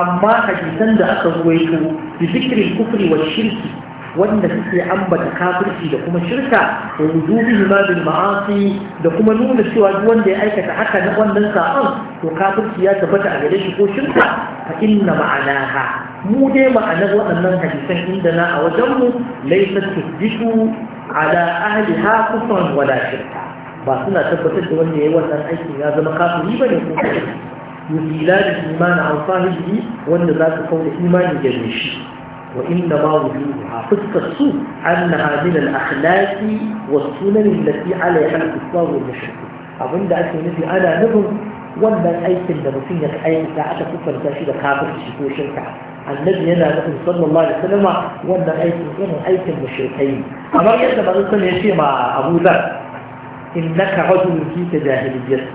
amma hadisan da aka ruwaito bi zikri kufri wa shirki wanda suke ambata kafirci da kuma shirka wa wujubihi ma bil ma'asi da kuma nuna cewa duk wanda ya aikata haka na wannan sa'an to kafirci ya tabbata a gare shi ko shirka fa inna ma'anaha mu dai ma'anar waɗannan hadisan inda na a wajen mu laysa tusbitu ala ahliha kufran wala shirka ba suna tabbatar da wanda yayi wannan aikin ya zama kafiri bane ko yuzila da imani an sahibi wanda za su kauna imani da shi wa inda ma wujudu ha fuskar su annaha min al-akhlaqi wa sunan allati alayha al-islam wal mushrik abinda ake nufi ana nufin wannan aikin da mutum ya aikata aka kusanta shi da kafirci ko shirka عن نبينا نبي صلى الله عليه وسلم وأن رأيتم إن رأيتم المشركين أما يسأل بعض الناس يشي مع أبو ذر إنك رجل في جاهلية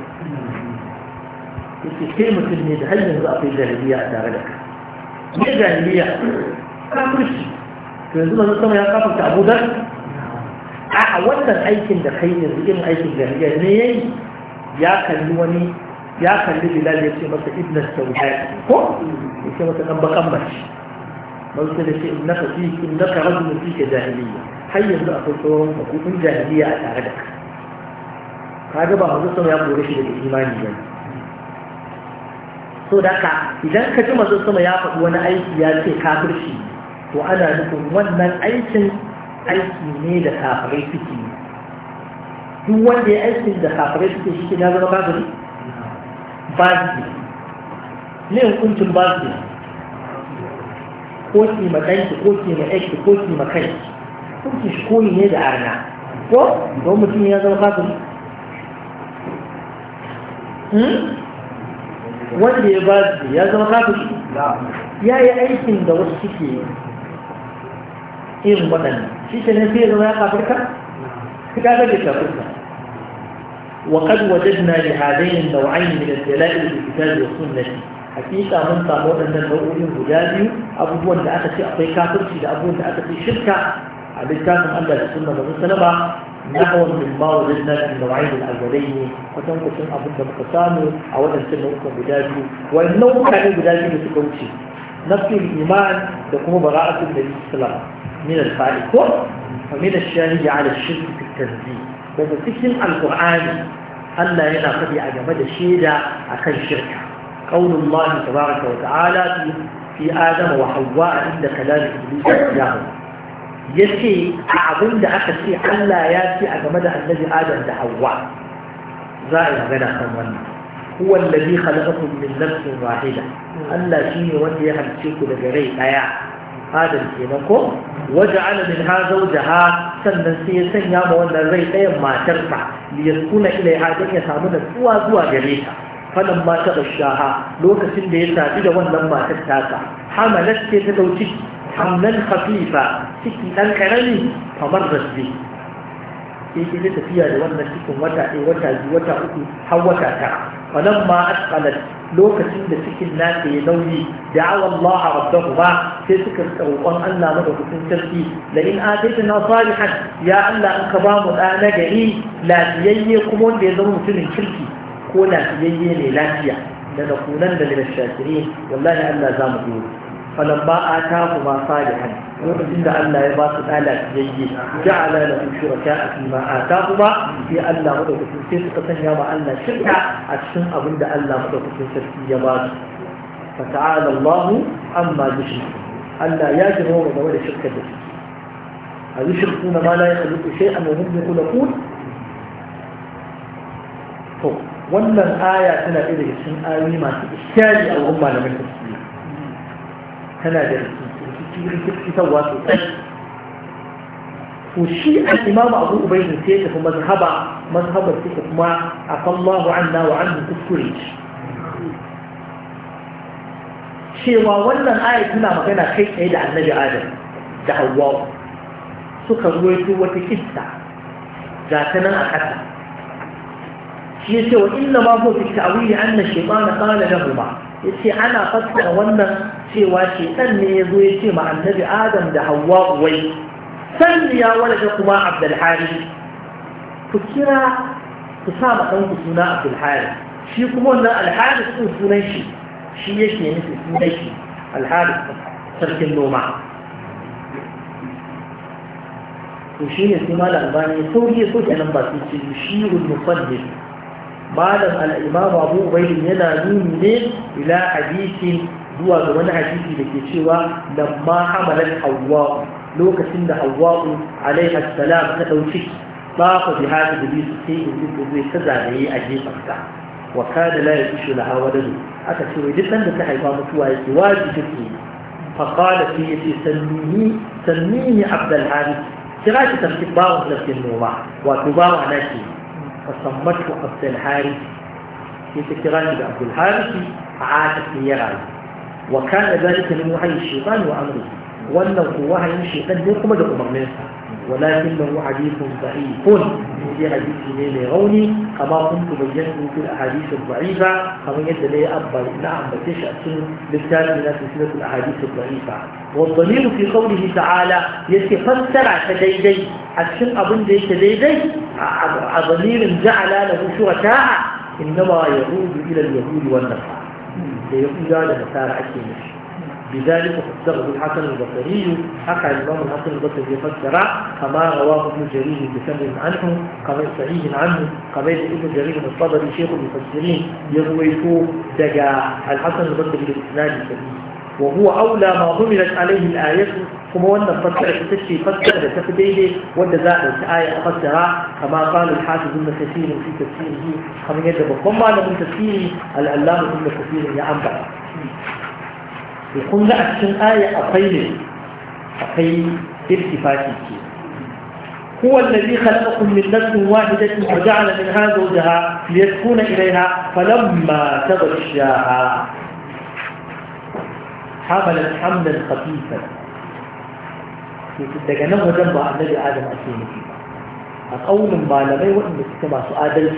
في كلمة المدة هل من رأى في جاهلية أدار لك في جاهلية كنزل الله سمع يقف أبو ذر أعوذ رأيتم دخيل رأيتم جاهلية نيين يا كلوني ya kalli bilal ya ce masa ibn sauhai ko ya ce masa kan bakan bace bauta da ce in naka fi in naka rajul fi ka jahiliya har yanzu akwai tsoron hukumin jahiliya a tare da ka Ka kaga ba manzo sama ya kore shi daga imani ba so da ka idan ka ji masu sama ya faɗi wani aiki ya ce kafirci to ana nufin wannan aikin aiki ne da kafirai suke duk wanda ya aikin da kafirai suke shi ke na zama kafiri basi ne hukuncin basi ko ki ma ɗanki ko ki ma ɗanki ko ki ma kai hukuncin shi koyi ne da arna ko don mutum ya zama kafin hmm? wanda ya basi ya zama kafin ya yi aikin da wasu suke irin waɗannan shi ke ne sai ya zama ya kafirka? ka ga da kafirka وقد وجدنا لهذين النوعين من الدلائل في الكتاب والسنة حقيقة من صامون أن النوعين مجازي أبوان لأتى أطي كافرشي لأبوان لأتى شركة على الكافر أن السنة من السلمة نحو من ما وجدنا في النوعين الأولين وتنقص أبو أبوان مقسام أو أن النوع مجازي وإن نوع كان مجازي شيء نفس الإيمان تكون براءة النبي صلى الله عليه وسلم من الفائق ومن الشاهد على الشرك في التنزيل daga cikin alkur'ani Allah yana faɗi a game da shaida akan shirka qaulul lahi tabaraka wa ta'ala fi Adama wa a inda kalam iblis yahu yace a abin da aka ce Allah ya ce a game da annabi adam da hawwa za a yi magana kan wannan هو الذي خلقكم من نفس واحدة wanda ya ودي ku daga rai آية adam kenan ko Waje zau da ha sannan sai ya sanya ma wannan rai ɗayan matarsa kuna yaskuna ilaiha don ya samu da tsuwa zuwa gare ta falan ma ta ha lokacin da ya sadu da wannan matar tasa hamalat ce ta dauki hamlan hafifa ciki ɗan ƙarami kamar rasbi sai ke tafiya da wannan cikin wata ɗaya wata biyu wata uku har wata tara wannan ma asqalat lokacin da cikin nasa ya nauyi da'awa Allah rabbahuma sai suka roƙon Allah madaukakin sarki la in ataytana salihan ya Allah in ka ba mu da na gari lafiyayye kuma wanda ya zama mutumin kirki ko lafiyayye ne lafiya da nakunan da lil shakirin wallahi Allah za mu biyo فلما آتاهما صالحا عند الله يبات الآلة جيد جعل لهم شركاء فيما آتاهما في الله مدوك سنسيس قسن يا معنى شركة أكسن أبند الله مدوك سنسيس يباس فتعالى الله أما يشرك ألا يجب هو مدوك شركة أيشركون ما لا يخلق شيئا وهم يخلقون to طيب. وأن الآية tana ɗaya daga آية ayoyi masu أو a wurin malamin هنادر في الأجل والشيء الإمام أبو أبيض السيد هو مذهب مذهب السيد هو عطى الله عنا وعنه تذكريج شيء وولا آية هنا مغنى خيط أيضا عن نبي آدم ده هو سكر ويتو وتكسة ذاتنا أحد شيء وإنما هو في التعويل أن الشيطان قال لهما yace ana fassara wannan cewa ke shedan ne ya zo ya ce ma annabi adam da hawa wai sanni ya walada kuma abdul hari ku kira ku sa ma dan ku suna abdul hari shi kuma wannan al hari sun sunan shi shi yake nufi sunan shi al hari sarkin noma to shine sai malam albani sauri ya soke nan ba su ce shi ulmufaddil malam al'imam abu ubaidin yana nuni ne ila hadisin zuwa ga wani hadisi da ke cewa lamma hamalar hawa lokacin da hawa'u alaihi assalam ta ɗauki ba ku bi haka da bisu sai in ji ko zai ta zagaye a gefarsa wa kada la ya kishu laha wadadu aka ce wai duk sanda ta haifa mutuwa yake wajibi take fa qala fi yati sannini sannini abdul hamid kira shi tafsir bawo tafsir noma wato bawo ana ke فصمته عبد الحارث في يتكران عبد الحارث عادت ليرعي وكان ذلك من وحي الشيطان وأمره وأنه هو وحي الشيطان لكم لأمر منها ولكنه حديث ضعيف في حديث ليلة غوني كما كنت بينته في الأحاديث الضعيفة كما يدلي أبا نعم بتشأ بالتالي من سلسلة الأحاديث الضعيفة والضمير في قوله تعالى يتفسر تديدي حسن أظن دي تديدي ضمير جعل له شركاء إنما يعود إلى اليهود والنصارى يقول هذا مسار أكيد لذلك فسره الحسن البصري حكى الإمام الحسن البصري فسر كما رواه ابن جرير بسند عنه كما سعيد عنه كما ابن جرير الطبري شيخ المفسرين يرويته دجا الحسن البصري بالإسناد السبيل وهو أولى ما ضمنت عليه الآية كما وانا فسر تشفي فسر تفديله وانا ذات الآية فسرها كما قال الحافظ ابن كثير في تفسيره كما يجب كما من تفسيره العلامة ابن كثير يا أنبأ يقول لك في الآية أقيل أقيل ارتفاعك هو الذي خلقكم من نفس واحدة وجعل منها زوجها ليسكن إليها فلما تغشاها حملت حملا خفيفا كنت جنبه جنب النبي آدم أسين فيها أقول ما لم يؤمن سؤال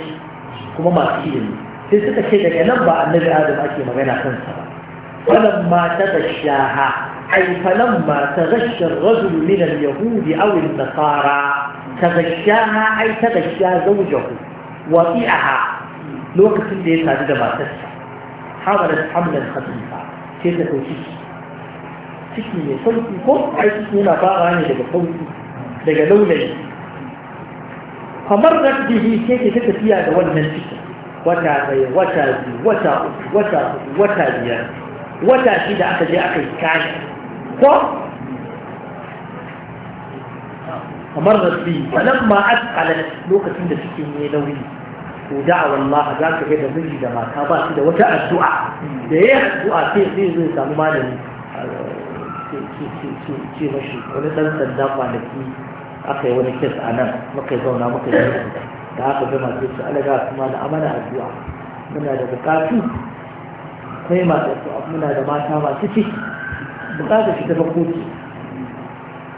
كما ما تشيل كنت جنبه النبي آدم أسين ما أحسن سبب فلما تغشاها أي فلما تغشى الرجل من اليهود أو النصارى تغشاها أي تغشى زوجه وطيعها لوقت الليل هذا ما تسعى حملت حملا خفيفا كيف تقول تسمي صوتي فوق أي تسمي ما باغاني لك صوتي لك فمرت به كيف تتفيا دولنا الفكرة وتعبي وتعبي وتعبي وتعبي وتعبي wata shida aka je aka yi kashi ko kamar yi. wannan ma asqalat lokacin da suke ne nauyi to da'awar Allah za ka ga da miji da mata ba su da wata addu'a da ya addu'a sai sai zai samu malami ce mashi wani ɗan sanda kwanaki aka yi wani kes a nan muka zauna muka yi da aka gama sai su alaga kuma da amana addu'a muna da bukatu akwai matarsu muna da mata masu ciki bukatar shi ta bakoci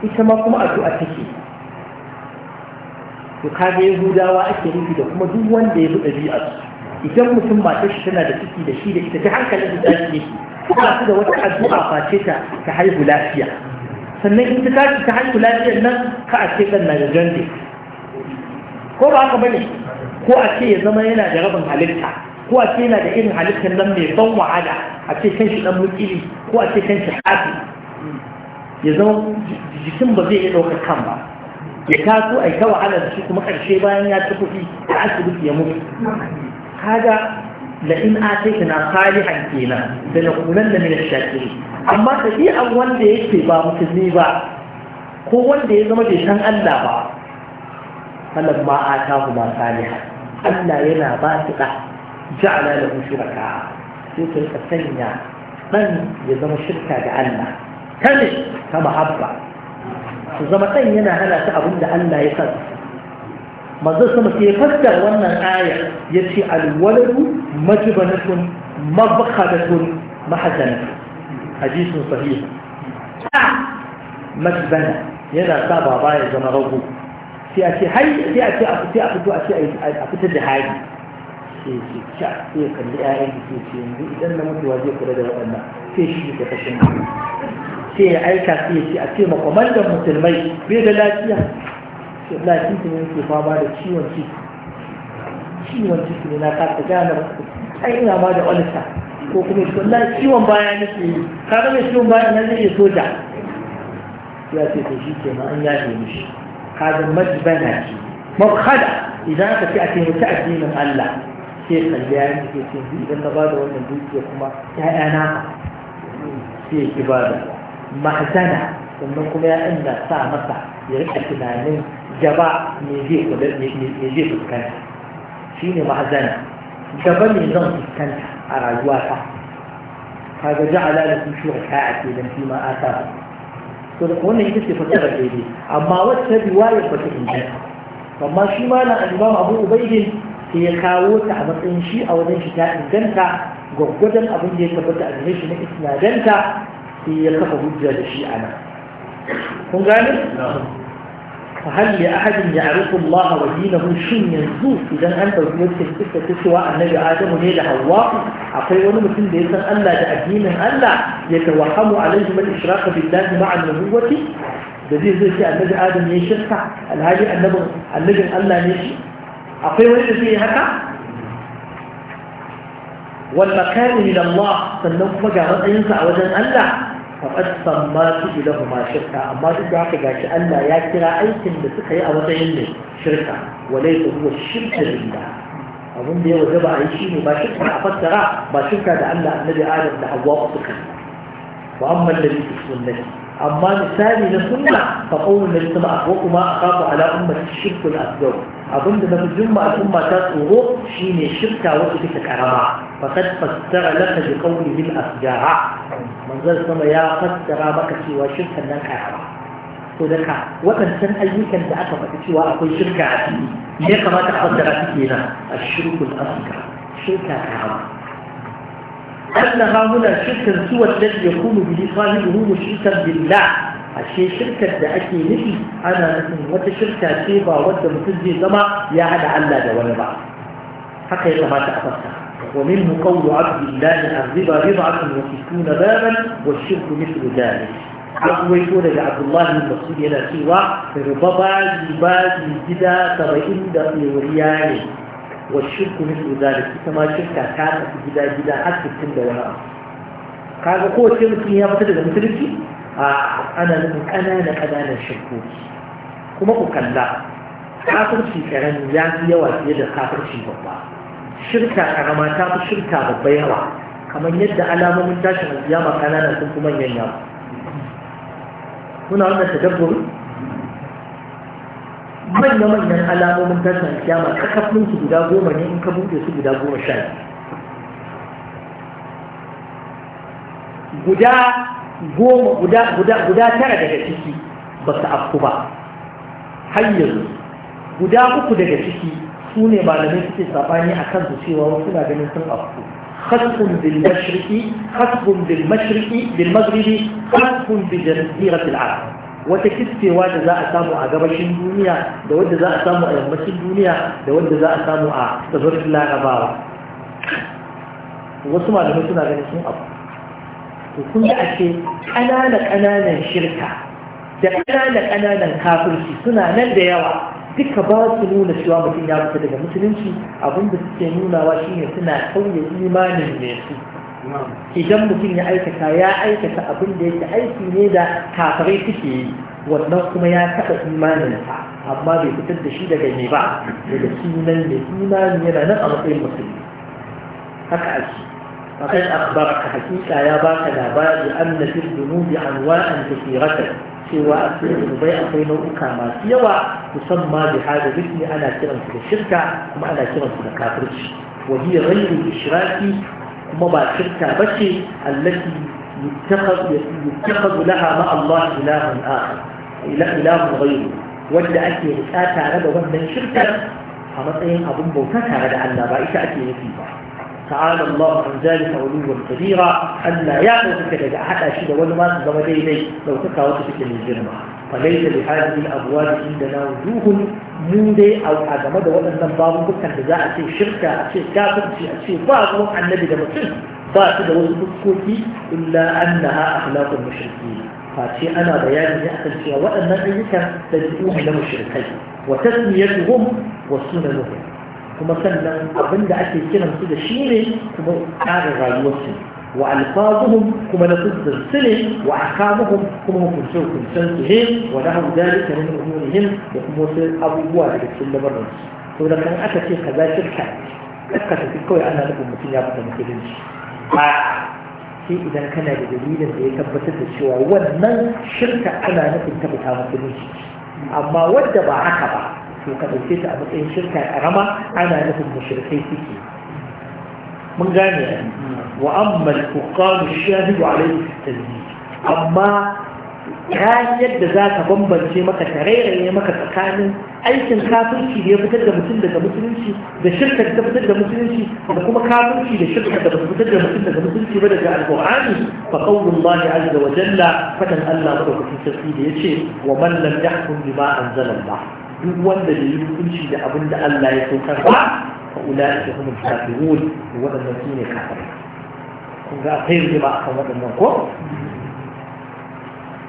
ita ma kuma addu'a take to kage yahudawa ake nufi da kuma duk wanda ya bi ɗabi'ar idan mutum matar shi tana da ciki da shi da ita ta hankalin da zaki yake kuma su da wata addu'a face ta ta haihu lafiya sannan in ta tashi ta haihu lafiyar nan ka a ce ɗan na da jande ko ba haka bane ko a ce ya zama yana da rabin halitta ko a ce yana da irin halittar nan mai ban wahala a ce kan shi dan mutili ko a ce kan shi hafi ya zama jikin ba zai iya ɗaukar kan ba ya taso a ta wahala da shi kuma ƙarshe bayan ya ci kuɗi a asibiti ya mutu kaga la in ataitana salihan kenan da na kunan da mina shakiri amma ɗabi'an wanda yake ba musulmi ba ko wanda ya zama bai san Allah ba falan ma atahu salihan Allah yana ba shi ɗa ja'ala lahu shuraka sai ka rika sanya dan ya zama shirka da Allah kame ta mahabba su zama ɗan yana hana ta abin Allah ya san manzo sama sai fassar wannan aya yace al-waladu yana sa baba ya zama rago sai a ce hai sai a ce a fito a ce a fitar da hari. ke ke ca sai ya kalli ƴaƴan da sai ce yanzu idan na mutuwa zai kula da waɗannan sai shi da kashin sai ya aika sai ya ce a ce makwamandan musulmai bai da lafiya lafiya ne yake fama da ciwon ciki ciwon ciki ne na kasa gane ai ina ma da walisa ko kuma shi wallahi ciwon baya na ke yi kaga mai ciwon baya nan zai iya soja ya ce to shi ke ma an yaje mishi kaga majibana ce mafhada idan aka ce a taimaki addinin Allah sai kalliya ne ke ce idan na bada wannan dukiya kuma ‘ya'yana sai ki bada mahzana sannan kuma ‘ya'yan na sa masa ya rika tunanin gaba me zai fuskanta shi ne mahzana gaba me zan fuskanta a rayuwata kaga ja'ala lakum shuraka'a ke dan fi ma ata to da wannan ita ce fasara daidai amma wacce riwayar ba ta inganta amma shi ma na al-imam Abu Ubaidin sai ya kawo ta a matsayin shi a wajen shi ta inganta gwaggwadon abin da ya tabbata a jini shi na isnadanta sai ya kafa hujja da shi a nan kun gane fa hal li ahadin ya'rifu Allah wa dinahu shin yanzu idan an tauri wacce kika ta cewa annabi Adamu ne da Hauwa? akwai wani mutum da ya san Allah da addinin Allah ya tawahamu alaihi bil ishraq billahi ma'a an-nubuwati da zai zai ce annabi Adamu ne shirka alhaji annabin annabin Allah ne shi akwai wani da zai haka wanda kanu ila Allah sannan kuma ga matsayinsa a wajen Allah faqad sammatu ilahu ma shirka amma duk da haka gashi Allah ya kira aikin da suka yi a matsayin ne shirka walaysa huwa shirka billah Abun da ya wajaba a yi shine ba shirka a fassara ba shirka da Allah annabi Adam da Hawwa suka yi wa amma alladhi fi sunnati أما الثاني للسنة فقول النبي صلى الله عليه وسلم أخاف على أمة الشرك الأكبر أظن أن في الجمعة الأمة تأخذ شيني الشركة وتلك كرماء فقد فسر لك بقوله الأفجاع من ذلك صلى يا فسر بك سوى شركة كرماء لن وكان سن أي كان دعك فتشوى أقول شركة عتيني ليه كما تفسر عتيني الشرك الأكبر شركة كرماء أنها هنا شركا سوى الذي يكون به صاحبه مشركا بالله ashe shirkar da ake nufi ana nufin wata shirka ce ba wadda mutum zai zama ya hada Allah da wani ba haka ya kamata a fasta wa minhu a abdillahi arziba bid'atun wa sittuna baban wa shirku mithlu dhalik akwai ko daga abdullahi yana cewa riba baji baji gida saba'in da ne wa shirku min zalik ita ma shirka ta tafi gida gida har sittin da wani abu kaga kowace mutum ya fita daga musulunci a ana nufin ƙananan ƙananan shirkoki kuma ku kalla kafirci ƙarami ya fi yawa fiye da kafirci babba shirka ƙarama ta fi shirka babba yawa kamar yadda alamomin tashin alƙiyama ƙananan sun fi manyan yawa kuna wannan tadabbur manya-manyan alamomin tashin kyamar kakafin su guda goma ne in ka buɗe su guda goma sha guda goma guda guda guda tara daga ciki ba su afku ba har yanzu guda uku daga ciki su ne ba da suke sabani a kan su cewa wasu na ganin sun afku خسف بالمشرق خسف بالمشرق بالمغرب خسف بجزيرة العرب wata kiskewa da za a samu a gabashin duniya da wadda za a samu a yammacin duniya da wadda za a samu a tsibirin larabawa wasu malamai suna ganin sun abu to kun da ake ƙanana ƙananan shirka da ƙanana ƙananan kafirci suna nan da yawa duka ba su nuna cewa mutum ya fita daga musulunci abinda suke nunawa shine suna sauya imanin ne su idan mutum ya aikata ya aikata abin da yake aiki ne da kafirai suke yi wannan kuma ya taɓa imanin imaninsa amma bai fitar da shi daga ne ba daga sunan da imani yana nan matsayin mutum haka a shi akan akbar ka hakika ya baka labari an da fi dunubi an wa'an da ke rasa cewa a cikin dubai akwai nau'uka masu yawa musamman da hada ana kiransu da shirka kuma ana kiransu da kafirci wa hiya ghayru ishraqi مباشرة ba shirka يتخذ يتخذ لها مع الله إله آخر إله غيره وجد أكي رسالة ربا وجد شركة حمطين أبن بوتاك على أن لا أكي نتيبا تعالى الله عن ذلك علوا كبيرا أن لا يعلم كذا أحد أشد ولما تزمدي لي لو تكاوتك بك من جرمها فليس لهذه الأبواب عندنا وجوه مودي أو أجمع ده وأن الباب ممكن تزاع شيء شركة شيء كافر شيء شيء بعض وقع النبي ده مسلم بعض ده وسكوتي إلا أنها أخلاق المشركين فشي أنا بيان أحد شيء وأن أيك تدعوه لمشركين وتسميتهم وسننهم kuma sannan abin da ake kiran su da shi ne kuma ƙara rayuwarsu وألفاظهم كما نصد السلم وأحكامهم كما هم كنسوا كنسانهم ونحو ذلك من أمورهم وكما أبو وارد كل مرة ولا كان أكثر في خبائث الكعب أكثر في الكوية أنا لكم مثل يابد مثلين آه. في إذا كان بدليل يتبت السوى ومن شركة أنا نفل تبتها مثلين أما ودب عقبة وكذلك أبطئ شركة أغمى أنا نفل مشركين فيكي mun gane wa amma al-fuqan shahidu alayhi at-tanzih amma ta yadda za ka bambance maka tarairaye maka tsakanin aikin kafirci da ya fitar da mutum daga musulunci da shirka da fitar da musulunci da kuma kafirci da shirka da fitar da mutum daga musulunci ba daga alƙur'ani fa qawlun lahi azza wa jalla fatan Allah da wa duk wanda da yi hukunci da abin da Allah ya saukar ba fa ula'ika humul kafirun waɗannan su ne kafirai kun ga akwai rigima akan waɗannan ko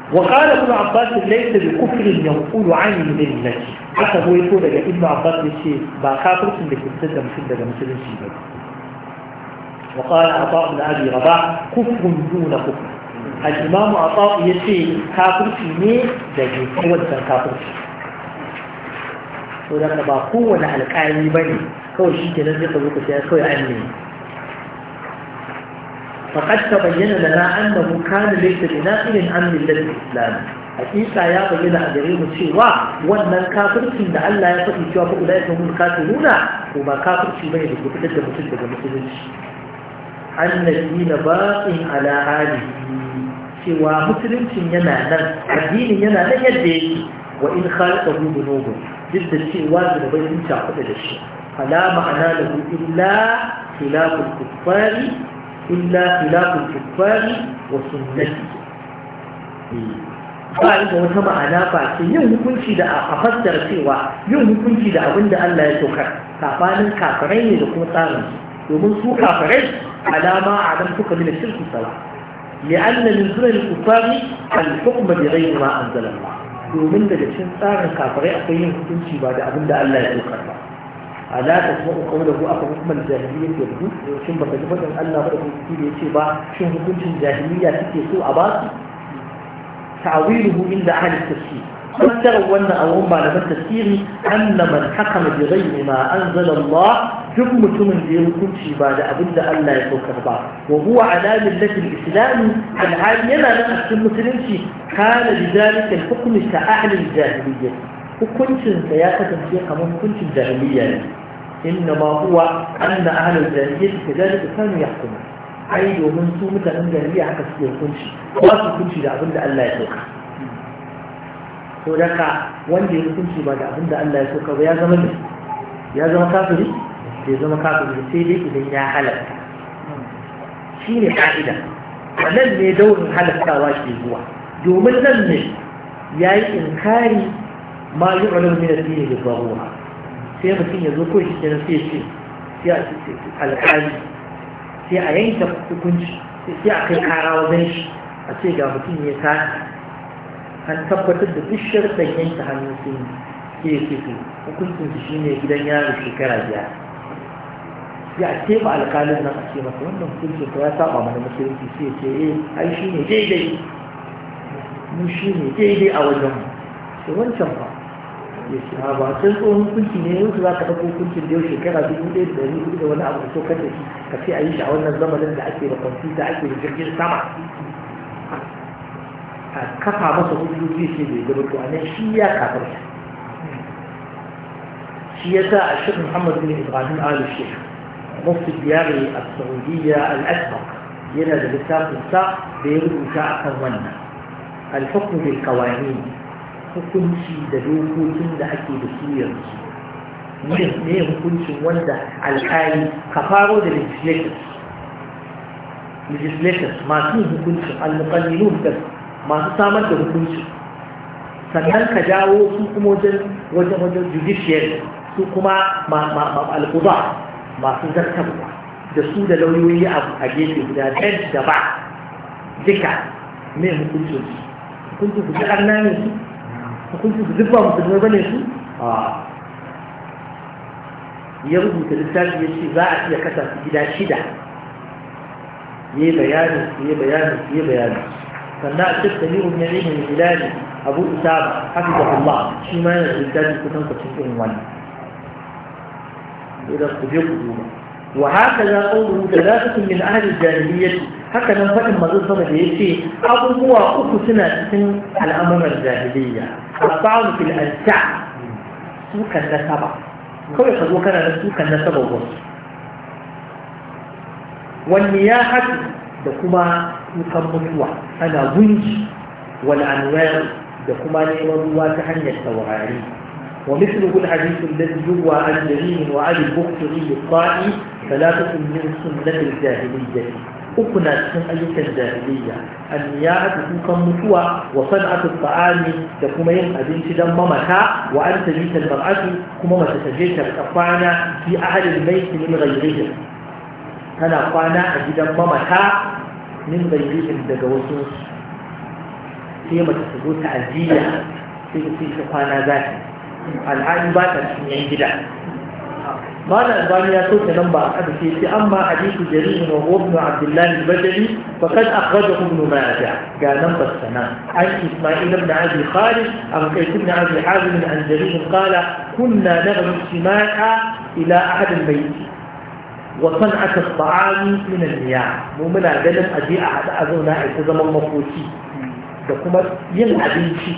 وقال ابن عباس ليس بكفر ينقول عن الملة حتى هو يقول لك ابن عباس لشيء باكافر سنك ابتدى مسدد مسلم شيء وقال عطاء بن ابي رباح كفر دون كفر الامام عطاء يشيء كافر مين لكن هو كافر سنين to da ba kowane alƙali ba ne kawai shi ke nan zai ka zuka sai kawai an ne faƙad ta bayyana da na an da mukamu laifin ina irin an millar islami hakika ya bayyana a gare mu cewa wannan kafircin da Allah ya faɗi cewa fa'ula ya kamun kafiruna ko ba kafirci bane da ke fitar da mutum daga musulunci annabi na baƙin ala halihi cewa musuluncin yana nan addinin yana nan yadda yake wa in khalaqahu dhunubun جد الشيء واجب وبين انشاء قبل الشيء فلا معنى له الا خلاف الكفار الا خلاف الكفار وسنته فاعل أنه كما انا أنه يوم يكون في دعاء افسر سوى يوم يكون في دعاء وين دعاء لا يتوكل كافان كافرين يكون طارم يقول سوى كافرين على ما عدم فك من الشرك الصلاة لأن من سنن الكفار الحكم بغير ما أنزل الله domin daga cikin tsarin kafirai akwai yin hukunci ba da abin da Allah ya dokar ba ala ta kuma ukau da ku aka hukumar jahiliyyar da ku shin ba ka ji fadin Allah ba da hukunci da yace ba shin hukuncin jahiliyya take so a ba su ta'awiluhu inda ahli tafsir فسر وأن أمرهم بعد التفسير أن من حكم بغير ما أنزل الله ثم ثمن ليكون في بعد أبد أن لا يتوكر بعض وهو على ملة الإسلام العالي لا نفس المسلم كان لذلك الحكم كأهل الجاهلية وكنت سياسة في قمم كنت جاهلية إنما هو أن أهل الجاهلية كذلك كانوا يحكمون أي ومن سومة أن جاهلية حتى يكونش وأسكنش لعبد أن لا يتوكر to daga wanda ya hukunci ba da abin da Allah ya so ka ba ya zama ne ya zama kafiri bai zama kafiri sai dai idan ya halatta shi ne ka'ida nan ne daurin halattawa ke zuwa domin nan ne ya yi inkari ma yi ulama min addini da sai mutum ya zo ko shi kenan sai ce sai a ce alƙali sai a yanke hukunci sai a kai kara wajen shi a ce ga mutum ya kare. an tabbatar da duk sharɗan yanke hannu sun ke fito hukuncin su shine gidan yaro shekara biyar ya ce ba alƙalin nan a ce masa wannan hukuncin ya saba mana musulunci sai ya ce eh ai shi ne daidai mu shi ne daidai a wajen mu sai wancan ba ya ce ba sun tsohon hukunci ne yau za ka ɗauko hukuncin da yau shekara dubu ɗaya da ɗari hudu da wani abu da so kan da shi ka ce a yi shi a wannan zamanin da ake da kwamfuta ake da jirgin sama a kafa masa hujjoji sai bai gaba to anan shi ya kafarta shi ya sa a shirin Muhammad bin Ibrahim Ali Sheikh mufti diyar al-Saudiyya al-Akbar yana da littafin sa da ya rubuta akan wannan al-hukm bil qawanin hukunci da dokokin da ake da su yanzu ne hukuncin wanda alƙali ka faro da legislators legislators masu hukuncin al-muqallilun kasu masu samar da hukunci sannan ka jawo su kuma wajen wajen wajen judiciary su kuma al'uba masu zartarwa da su da lauyoyi a gefe guda ɗan da ba duka mai hukuncin su hukuncin su duk na ne su hukuncin su zubba ba musulmai ba ne su ya rubuta littafi ya ce za a iya kasa su gida shida ya yi bayanin su ya bayanin su ya bayanin su sannan a sami ibn ibn hilali abu isaba hafizahullah shi ma yana da littafi kusan kucin irin wannan idan ku je ku duba wa haka za qawluhu thalathatun min ahli al-jahiliyyah haka nan fadin manzon sama da yace abubuwa uku suna cikin al'amuran jahiliyya as-sa'u fil al-sa' sukan nasaba kawai ka zo kana da sukan nasaba wasu wal niyahatu da kuma kukan mutuwa ana gunji wal anwar da kuma neman ruwa ta hanyar taurari wa mislu kul hadithu alladhi huwa an jarih wa ali bukhari li qa'i thalathatun min sunnati al-jahiliyyah uku na cikin ayyukan jahiliyya an ya ta kukan mutuwa wa sanatu ta'ami da kuma yin abinci dan mamata wa an tajita al kuma mace tajita al-qafana fi ahli al-bayt min ghayrihim tana kwana a gidan mamata min bayyinin daga wasu sai mace ta zo ta ajiya sai ta sai ta kwana za ta al'adu ba ta cikin yan gida قال أما حديث جرير وهو ابن عبد الله البجلي فقد أخرجه ابن ماجه قال نمبر السنة عن إسماعيل بن أبي خالد عن كيس بن أبي حازم عن جرير قال كنا نغني السماء إلى أحد البيت وصنعة الطعام من المياه مو من عدد أجيء أحد أذونا عزم المفوتي دكما يلا بيشي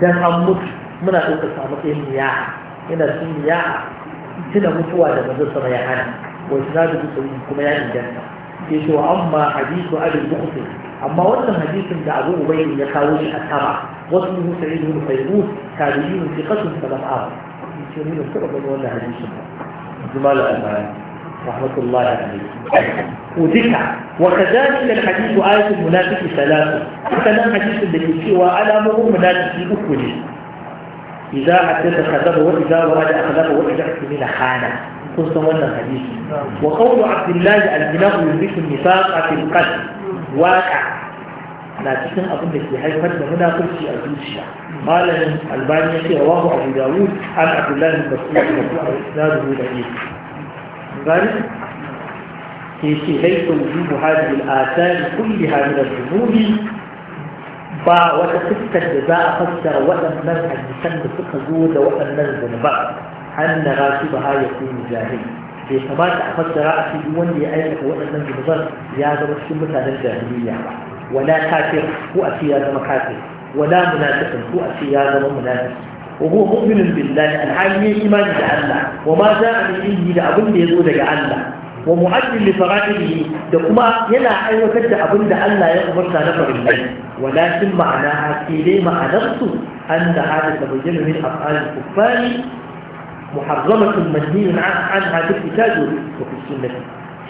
دان أمك من أدوك سامك المياه إن المياه تنا مفوا على مدرسة ريحان وإسناد بسوي كما يعني جنة يشو أما حديث أبي المخطر أما وصل حديث من أبو أبيل يخاوش أتبع وصله سعيد بن فيروس تابعين في قسم سلام آخر يشو مين السبب من وانا حديث جمال الأمان رحمة الله عليه وذكر وكذلك الحديث آية المنافق ثلاثة مثلا حديث الذي سوى على مر منافق أكل إذا حدث خذبه وإذا ورد أخذبه وإذا احتمل خانه كنت وانا حديث وقول عبد الله البلاغ يدرك النفاق في القلب واقع لا تسمع أظن في حيث فتنا هنا كل شيء أدوشيا قال الباني رواه أبو داود عن عبد الله بن مسعود رضي الله عنه البخاري يشي ليس وجوب هذه الآثار كلها من الذنوب با da جزاء فسر وأن waɗannan حدثن بفقه جود وأن من ذنبا أن راتبها يكون جاهل bai kamata a fassara a cikin wanda ya aikata waɗannan zunuban ya zama cikin mutanen jahiliya ba wala kafir ko a ce ya zama kafir wala ko a ce ya zama وهو مؤمن بالله الحال هي إيمان جعلنا وما جاء به إيه لأبن يزود الله ومعدل لفرائضه دقما يلا أيوة كد أبن الله يقبرنا نفر الله ولكن معناها كيلي معناته أن هذا تبين من أفعال الكفار محرمة منهي عنها في الكتاب وفي السنة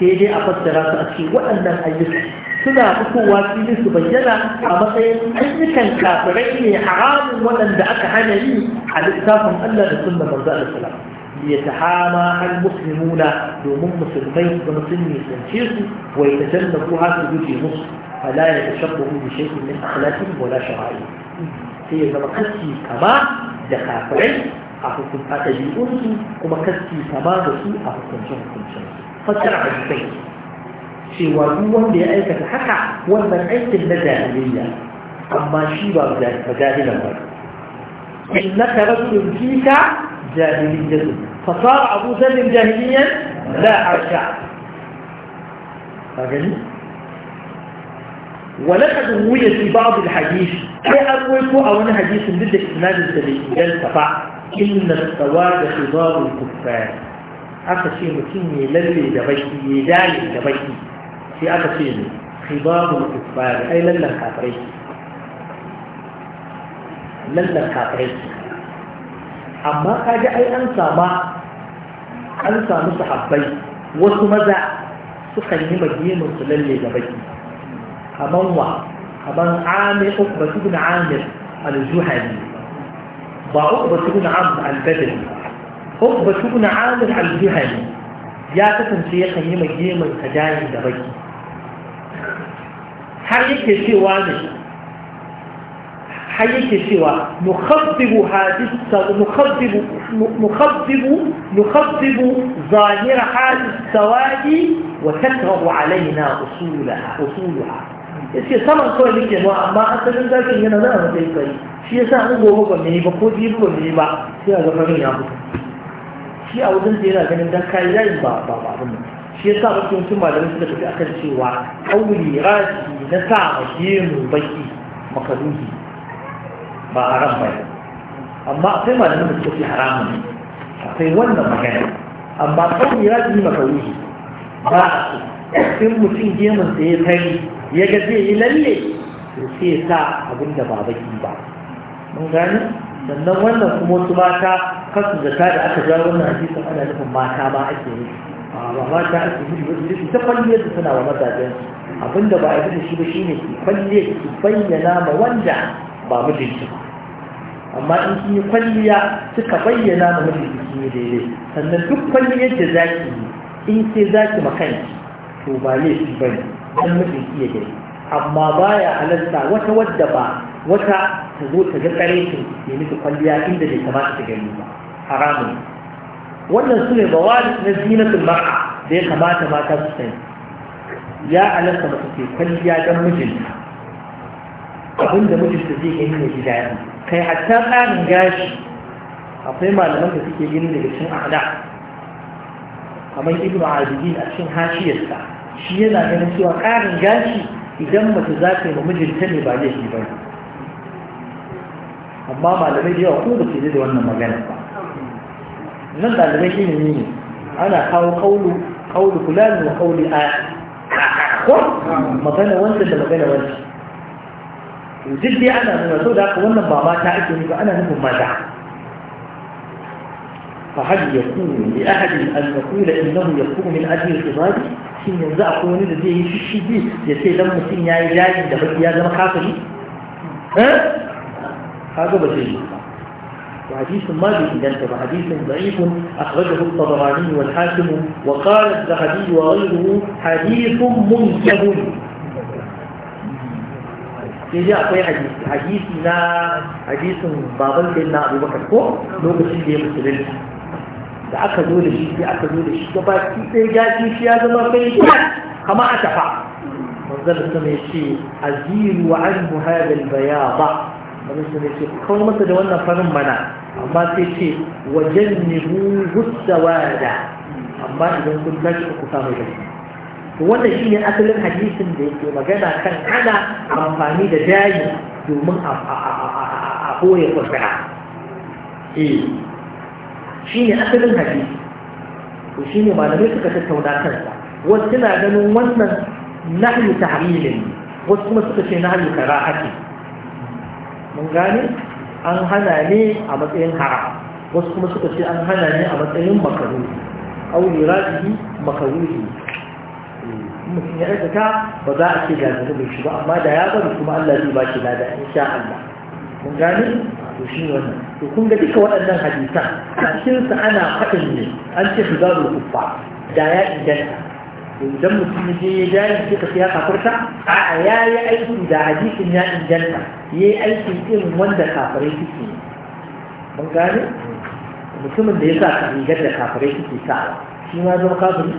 كي كيلي أفسر أشي وأن أيوة suna fitowa filin su bayyana a matsayin ayyukan kafirai ne haramun waɗanda aka hana yi a littafin Allah da sunna manzo Allah sallallahu ليتحامى المسلمون دومون مسلمين ونسلمي سنشيس ويتجنبوا هذا الوجه نصف فلا يتشبه بشيء من أخلاقهم ولا شرائعهم هي مكسي كما دخافعين أحكم أتجيئون كما كسي كما دسي أحكم شهكم شهكم فترى البيت cewa duk wanda ya aikata haka wannan aikin na jahiliya amma shi ba jahila ba innaka rajulun fika jahiliyyatu fa sara abu zalin jahiliyan la arsha gani ولقد روي في بعض الحديث أي أرويك أو أنا حديث ضد إسناد التبيين فقع إن السواد خضار الكفار aka ce mutum ne lalle da baki ya dale da baki في أكثر خباب الكفار أي لن الكافرين لن الكافرين أما كاجة أي أنسى ما أنسى مصحبي وسمزع سخيني مجيم سللي جبي أما الله أما عامر أقبة بن عامر الجهني بعقبة بن عامر البدري أقبة بن عامر الجهني ya kasance ya kan yi mai jemin ka jayin da baki har yake cewa ne har yake cewa nukhaddibu hadisa nukhaddibu nukhaddibu nukhaddibu zahira hadis sawadi wa takrahu alaina usulaha usulaha yace saman kawai nake mu amma asalin zakin yana nan a matsayin kai shi yasa an gobe ba me ba ko jibi ba me ba sai a ga ya mutu shi a wajen da yana ganin dan kai yayin ba ba abin nan shi ya yasa mafi yawancin malamai da tafi akan cewa kauli rashi na sa a gemu baki makaruhi ba a ran bai. amma akwai ma da su fi haramun akwai wannan magana amma kauli rashi makaruhi ba in mutum jemun sa ya kai, ya ga zai yi lalle to sai sa abin da ba baki ba mun gani sannan wannan kuma wasu mata kasu da ta da aka jawo wannan hadisin ana nufin mata ma ake yi amma mata ake yi wajen rufi ta kwalliyar da suna wa mazajen abinda ba a yi da shi ba shi ne ki kwalliya su bayyana ma wanda ba mijinki ba amma in kin yi kwalliya suka bayyana ma wanda su yi daidai sannan duk kwalliyar da za ki yi in sai za ki ma kanki to ba su ba ne don mijinki iya gani amma baya halarta wata wadda ba wata ta zo ta ga tsare ki ne miki kwalliya inda bai kamata ta gani ba haramun wannan su ne mawali na zinatul mar'a da ya kamata mata su sani ya alasta mace ke kwalliya don mijinta abinda mijinta zai gani ya gida daɗi kai hatta tsarin gashi akwai malaman da suke gini daga cin ahda kamar ibnu azizin a cikin hashiyarsa shi yana ganin cewa ƙarin gashi idan mace za ta yi ma mijinta ne ba shi ba amma malamai da yawa ko ba su da wannan magana ba nan ɗalibai ilimi ne ana kawo kaulu kaulu fulani wa kaulu a ko magana wancan da magana wancan duk dai ana nuna so da haka wannan ba mata ake nufi ana nufin mata فهل يكون لأحد أن يقول إنه يكون من أجل الخضار شين ينزع قوني لديه في الشدي يسي لم مسين يا إلهي دخل يا زم خاطري ها؟ هذا بسيطة حديث ما به أنت حديث ضعيف أخرجه الطبراني والحاكم وقال الذهبي وغيره حديث منكب يجي أقوي حديث حديثنا حديث بابل بن أبي بكر كو لو بس في مسلم da aka zo da shi sai aka zo da shi gaba ki sai ya ci shi ya zama kai kama wani su ne ce kawai masa da wannan farin mana amma sai ce wajen ne hutsa wada amma idan kun tashi ku samu da wannan shi ne asalin hadisin da yake magana kan hana amfani da jari domin a koya kwasara eh shi ne asalin hadisi to shi ne malamai suka tattauna kansa wasu suna ganin wannan nahyu tahrilin wasu kuma suka ce nahyu karahati mun gane an hana ne a matsayin haram wasu kuma suka ce an hana ne a matsayin makaruhi aure rajihi ne mutum ya aikata ba za a ce ga da shi ba amma da ya bari kuma Allah zai ba shi lada sha Allah mun gane to shi ne wannan to kun ga duka waɗannan hadisan a cikin ana faɗin ne an ce su zaru kuffa da ya inganta idan mutum ya je ya jari suka sai ya kafurta a ya yi aiki da hadisin ya inganta ya yi aiki irin wanda kafirai suke mun gane mutumin da ya sa ka rigar da kafirai suke sa? shi ma zama kafiri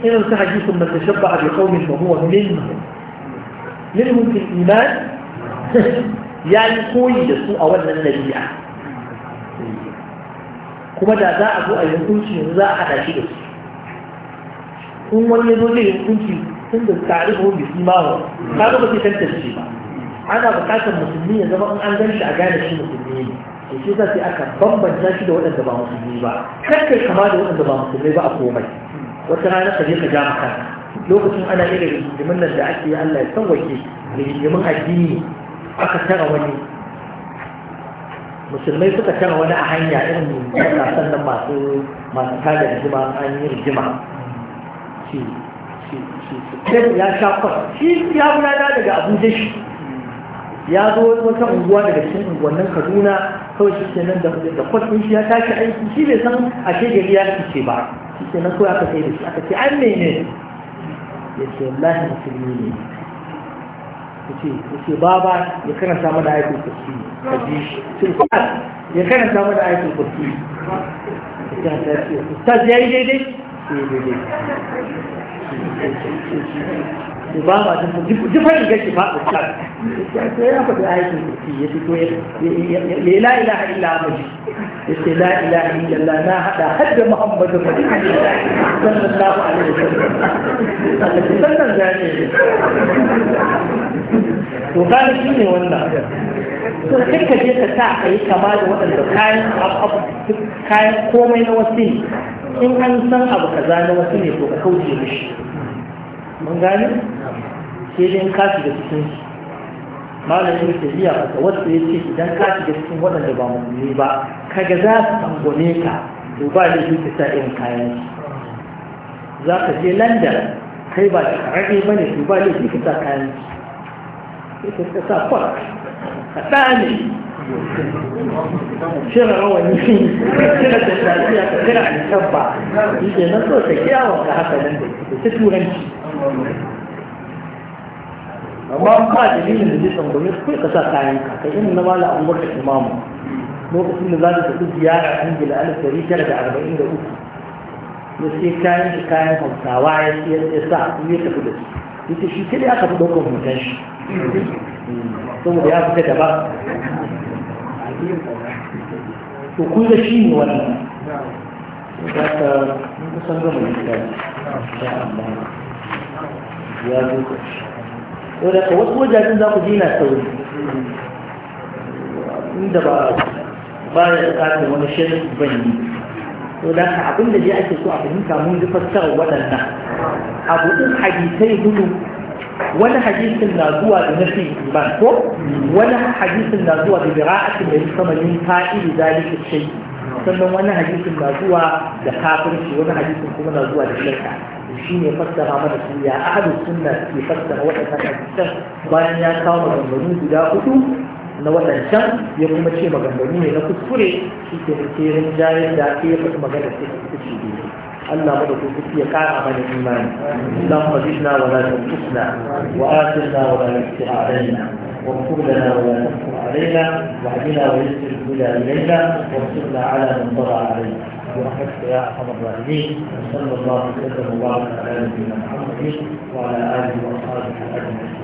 irin su hadisin man tashabba bi qaumin fa huwa minhum minhum fil iman ya yi koyi da su a wannan dabi'a kuma da za a zo a yi hukunci za a haɗa shi da su in wani ya zo zai hukunci tun da tarihi ko bi mawa. ka ga ba sai ba ana buƙatar musulmi ya zama in an gan shi a gane shi musulmi ne to shi za sai aka bambanta shi da waɗanda ba musulmi ba kakkai kama da waɗanda ba musulmi ba a komai wata rana ka je ka ja maka lokacin ana irin rigimin nan da ake yi Allah ya sauwake rigimin addini aka tara wani musulmai suka tara wani a hanya irin matasan nan masu masu tada rigima an yi rigima ya shafar kwas shi ya gudana daga abuja ya zo wata unguwa daga cikin unguwannin kaduna kawai shi ke nan da kwasin shi ya tashi aiki shi bai san a gari ya ce ba shi ke nan kawai aka sai da shi aka ce an mene ya ce wallahi musulmi ne ya ce baba ya samu da aikin kwatsi a ji shi ya ya samu da aikin kwatsi ya ce ce ya yi daidai ibara ta jifar ga shi faɗa ta ya faɗi ayatul kursi ya fito ya la ilaha illa maji ya ce la ilaha illa na haɗa hadda muhammadu maji sallallahu alaihi wasallam sannan zane ne to kana shi ne wannan to kakka je ka sa a yi kama da waɗanda kayan kayan komai na wasu in an san abu kaza na wasu ne ko ka kauce shi. mun gane sai dai ka shiga cikin shi. malamin tafiya a ga wasu ya ce idan ka shiga cikin waɗanda ba mu yi ba kaga za su tambone ka to ba da shi sa irin kayan shi. za ka je landan kai ba da kararre ba ne to ba da shi ka sa kayan shi. sai ka sa kwak ka ɗane cire rawani cire da tafiya ka cire a cikin ba shi ke nan so ta kyawun ka haka nan da ta turanci amma ba dalilin da zai tambaye kai ka sa kayan ka kai irin na mala an gwada imamu lokacin da za ta tafi ziyara a ingila alif dari tara da arba'in da uku ya sai kayan shi kayan hausawa ya ya sa ya tafi da su ita shi kai aka fi ɗaukar hoton shi saboda ya fita daban to kun ga shi ne wannan za ka mun kusan gama gida da amma ya zo ka shi ko da ka wasu wajajen za ku je na sauri inda ba ba ya bukatar wani shirin ban yi to da ka abin da je ake so a fahimta mun ji fassarar waɗannan abu ɗin hadisai hudu wani hadisin na zuwa da nafi iman ko wani hadisin na zuwa da bira'atin da yake samanin fa'ili zalika shay sannan wani hadisin na zuwa da kafirci wani hadisin kuma na zuwa da shirka shi ne fassara mana su ya ahlu sunna ke fassara waɗannan hadisan bayan ya kawo maganganu guda hudu na waɗancan ya kuma ce maganganu ne na kuskure shi ke da ke rinjayar da ke faɗi magana sai ta ce الله ملك في كان عمل الإيمان اللهم زدنا ولا تنقصنا وآتنا ولا تنقص علينا واغفر لنا ولا تغفر علينا واهدنا ويسر الهدى إلينا وانصرنا على من ضرع علينا برحمتك يا أرحم الراحمين وصلى الله وسلم وبارك على نبينا محمد وعلى آله وأصحابه أجمعين